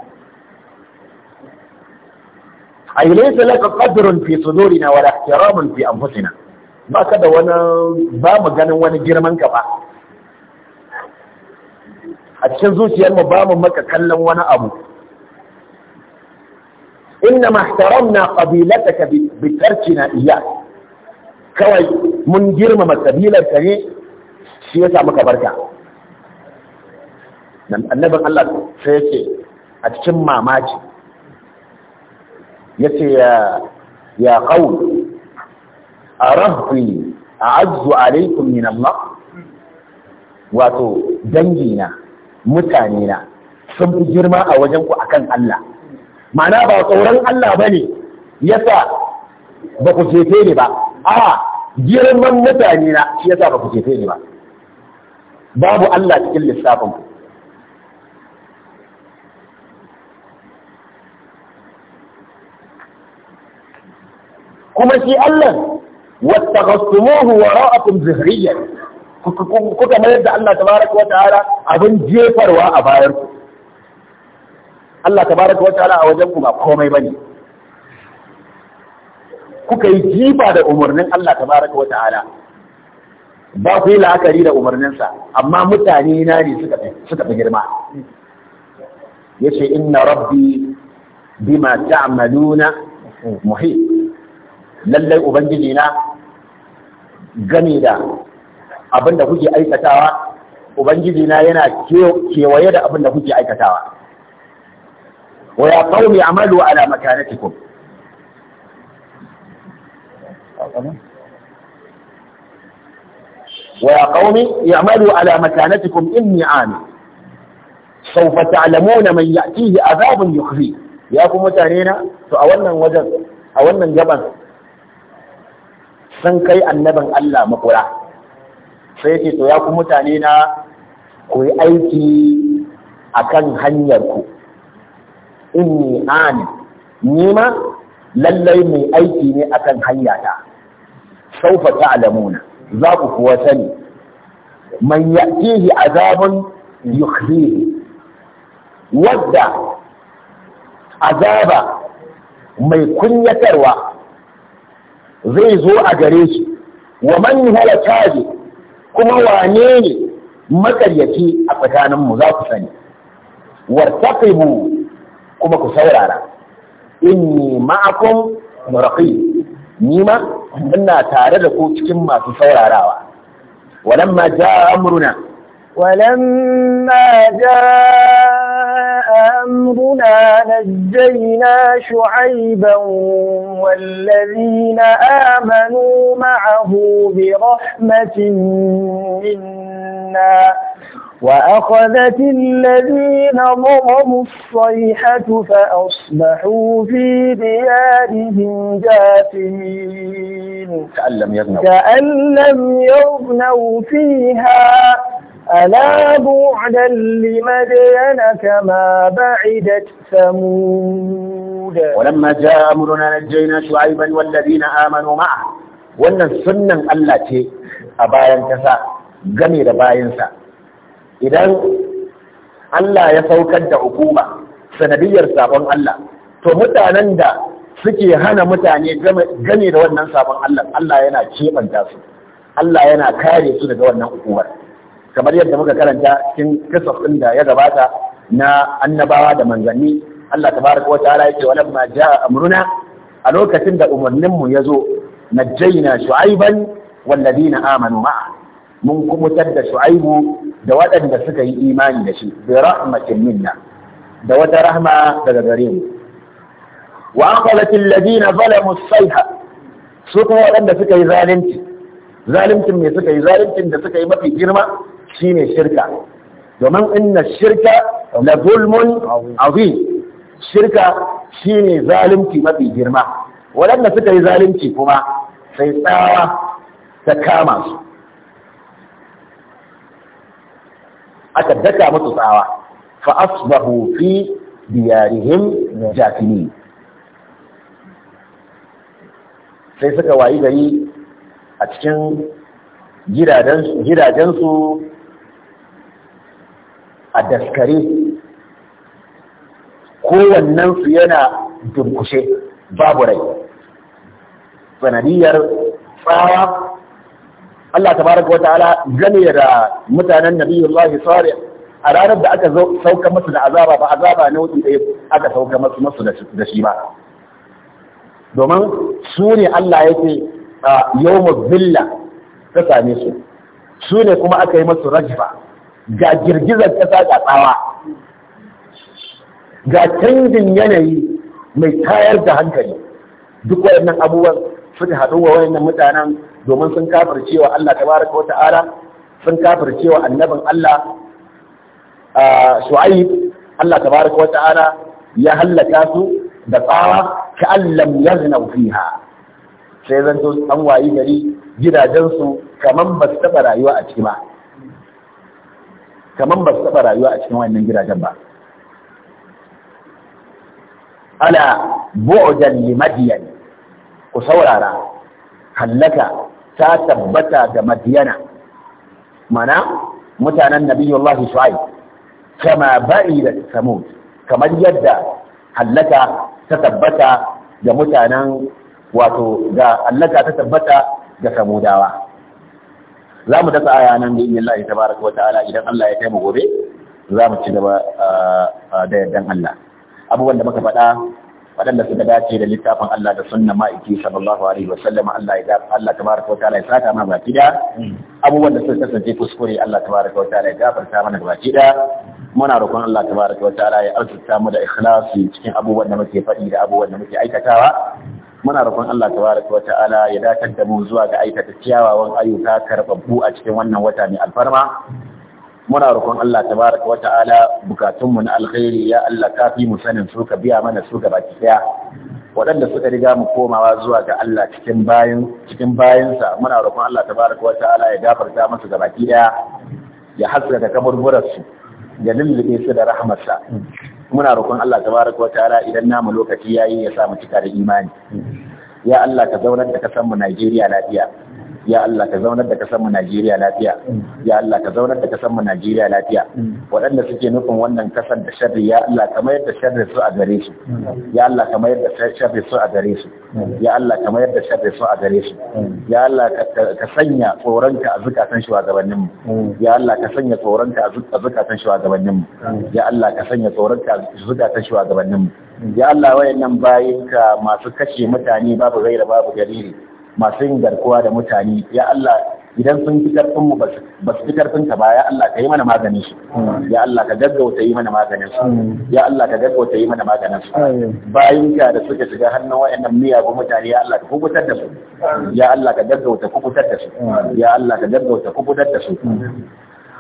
ay laysa laka qadrun fi sudurina wala ihtiramun fi anfusina baka da wani ba mu ganin wani girman ka ba a cikin zuciyar mu ba mu maka kallon wani abu inna ma ihtaramna qabilataka bi tarkina iyyak kawai mun girmama kabilar ka ne shi yasa ka barka annabin Allah sai yace a cikin mamaki yace ya ya qaul arabbi a'azzu alaykum min Allah wato mutane na sun fi girma a wajen ku akan Allah ma'ana ba tsoron Allah bane yasa ba ku jefe ne ba a girman mutane na shi yasa ba ku jefe ni ba babu Allah cikin lissafin ku kuma shi Allah wa wara'akum zuhriyan kuka mayar da Allah tabaraka wa ta'ala abin jefarwa a bayan ku Allah tabaraka wa ta'ala a wajen ku ba komai bane kuka yi jifa da umarnin Allah tabaraka wa ta'ala ba ku yi la'akari da umarninsa amma mutane na ne suka fi girma yace inna rabbi bima ta'maluna muhit lallai ubangiji na gani da abin da kuke aikatawa ubangiji na yana kewaye da abin da kuke aikatawa wa ya qaumi amalu ala makanatikum kamar wa ya kaumi ya maru na matanatikum in ni ami sau fata alamo na mai yaƙi da azabin yukri ya kuma mutane na to a wannan wajen a wannan gaban san kai annaban Allah makura sai ce to ya kuma mutane na ku yi aiki a kan hanyarku in ni ami ni ma lallai mai aiki ne a kan hanyata. سوف تعلمون ذاك هو سني من يأتيه عذاب يخزيه ودى عذاب مي كن يتروى زي زو أجريش ومن هل تاجي كما وانيني مكر يتي أفتان مذاك سني وارتقبوا كما كسيرارا إني معكم رقيب نيمة Muna tare da ku cikin masu saurarawa walamma ja amruna walamma ja amruna najjayna shu'ayban wallazina amanu ma'ahu bi rahmatin minna وأخذت الذين ظلموا الصيحة فأصبحوا في ديارهم جاثمين كأن لم يغنوا كأن لم يغنوا فيها ألا بعدا لمدين كما بعدت ثمود ولما جاء أمرنا نجينا شعيبا والذين آمنوا معه وأن sunnan التي ce a جميل kasa game idan Allah ya saukar da hukuma sanadiyar sabon Allah to mutanen da suke hana mutane game da wannan sabon Allah Allah yana keɓanta su Allah yana kare su daga wannan hukumar kamar yadda muka karanta cikin kisaf ɗin da ya gabata na annabawa da manzanni Allah tabaraka wa ta'ala yake wa lamma jaa amruna a lokacin da umarnin mu yazo najjayna shu'aiban wal ladina amanu ma'a mun kumutar da shu'aibu da waɗanda suka yi imani da shi bi rahmatin minna da wata rahma daga gare mu wa aqalat alladhina zalamu as-sayha su kuma waɗanda suka yi zalunci zaluncin me suka yi zaluncin da suka yi mafi girma shine shirka domin inna shirka la zulmun azim shirka shine zalunci mafi girma waɗanda suka yi zalunci kuma sai tsawa ta kama su aka daka musu tsawa fa asbahu fi diyarihim jafini sai suka wayi gari a cikin gidajensu a daskare kowannensu yana dunkushe babu rai sanadiyar tsawa Allah Ta tabaraka wata'ala gane da mutanen nabiyullahi salih a ranar da aka sauka masu da azaba ba azaba na wuce ɗaya aka sauka masu masu da shi ba domin su ne Allah yake a yawmul villa ta same su su ne kuma aka yi masu rajfa ga girgizar ƙasa ga tsawa ga canjin yanayi mai tayar da hankali duk waɗannan abubuwan suka haɗu wa waɗannan mutanen domin sun kafirce cewa Allah tabaraka wa ta'ala sun kafirce cewa annabin Allah Shu'aib Allah tabaraka wa ta'ala ya hallaka su da tsawa ka allam yaznau fiha sai zan to an wayi gari gidajensu kaman ba su taɓa rayuwa a ciki ba kaman ba su taɓa rayuwa a cikin wannan gidajen ba ala bu'dan li madyan ku saurara hallaka ta tabbata da madiyana mana mutanen nabiyullahi shu'aib kama ba'ida samud kamar yadda hallaka ta tabbata ga mutanen wato ga hallaka ta tabbata ga samudawa za mu dasa aya nan da illahi tabaraka wa ta'ala idan Allah ya kai gobe za mu ci gaba ah, ah, da yardan Allah abubuwan da muka faɗa waɗanda suka dace da littafin Allah da sunna ma'aiki sallallahu alaihi wa sallam Allah ya gafa Allah tabaraka wa ta'ala ya saka mana baki da abubuwan da suka kasance kuskure Allah tabaraka wa ta'ala ya gafarta mana baki da muna roƙon Allah tabaraka wa ta'ala ya arzuta mu da ikhlasi cikin abubuwan da muke faɗi da abubuwan da muke aikatawa muna roƙon Allah tabaraka wa ta'ala ya dakatar da mu zuwa ga aikata ciyawawan ayyuka karbabbu a cikin wannan wata mai alfarma muna roƙon Allah baraka wa ta'ala bukatunmu na alkhairi ya Allah kafi mu sanin su ka biya mana su gaba baki daya waɗanda suka riga mu komawa zuwa ga Allah cikin bayin cikin bayansa muna roƙon Allah baraka wa ta'ala ya gafarta musu gabaki daya ya hasra da kaburburar su ya lulluɓe su da rahmarsa muna roƙon Allah baraka wa ta'ala idan namu lokaci yayi ya sa mu cika da imani ya Allah ka zaunar da kasar mu Najeriya lafiya ya Allah ka zaunar da kasanmu mu Najeriya lafiya ya Allah ka zaunar da kasanmu mu Najeriya lafiya waɗanda suke nufin wannan kasar da sharri ya Allah ka mayar da sharri su a gare su ya Allah ka mayar da sharri su a gare su ya Allah ka mayar da sharri su a gare su ya Allah ka sanya tsoronka a zukatan shugabannin mu ya Allah ka sanya tsoronka a zukatan shugabannin mu ya Allah ka sanya tsoronka a zukatan shugabannin mu ya Allah wayannan bayinka masu kashe mutane babu gaira babu dalili masu yin garkuwa da mutane ya Allah idan sun fi karfin mu ba su fi karfin ka ba ya Allah ka yi mana maganin su ya Allah ka gaggauta yi mana maganin su ya Allah ka gaggauta yi mana maganin su bayan ka da suka shiga hannun wayannan miyagun mutane ya Allah ka kubutar da su ya Allah ka gaggauta kubutar da su ya Allah ka gaggauta kubutar da su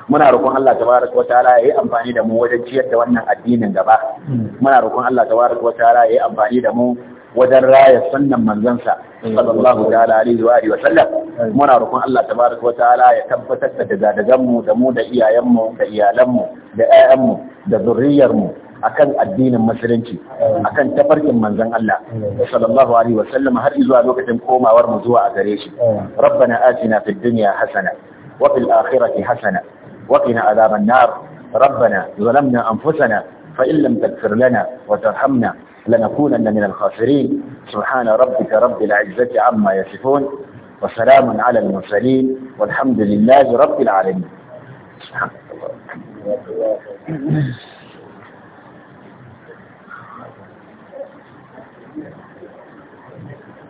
muna roƙon Allah tabaraka wa ta'ala yayi amfani da mu wajen ciyar da wannan addinin gaba muna roƙon Allah tabaraka wa ta'ala yayi amfani da mu wajen raya sannan manzansa eh. sallallahu ta'ala alaihi wa alihi wa sallam eh. muna roƙon Allah tabaraka wa ta'ala ya tabbatar da dagadagan mu da mu da iyayen mu da iyalan mu da ƴaƴan mu da zurriyar mu akan addinin musulunci eh. akan tafarkin manzon Allah sallallahu alaihi wa sallam har zuwa lokacin komawar mu zuwa a gare shi rabbana atina fid dunya hasana wa fil akhirati hasana wa qina adhaban nar ربنا ظلمنا أنفسنا فإن لم تغفر لنا وترحمنا لنكونن من الخاسرين سبحان ربك رب العزة عما يصفون وسلام على المرسلين والحمد لله رب العالمين سبحان الله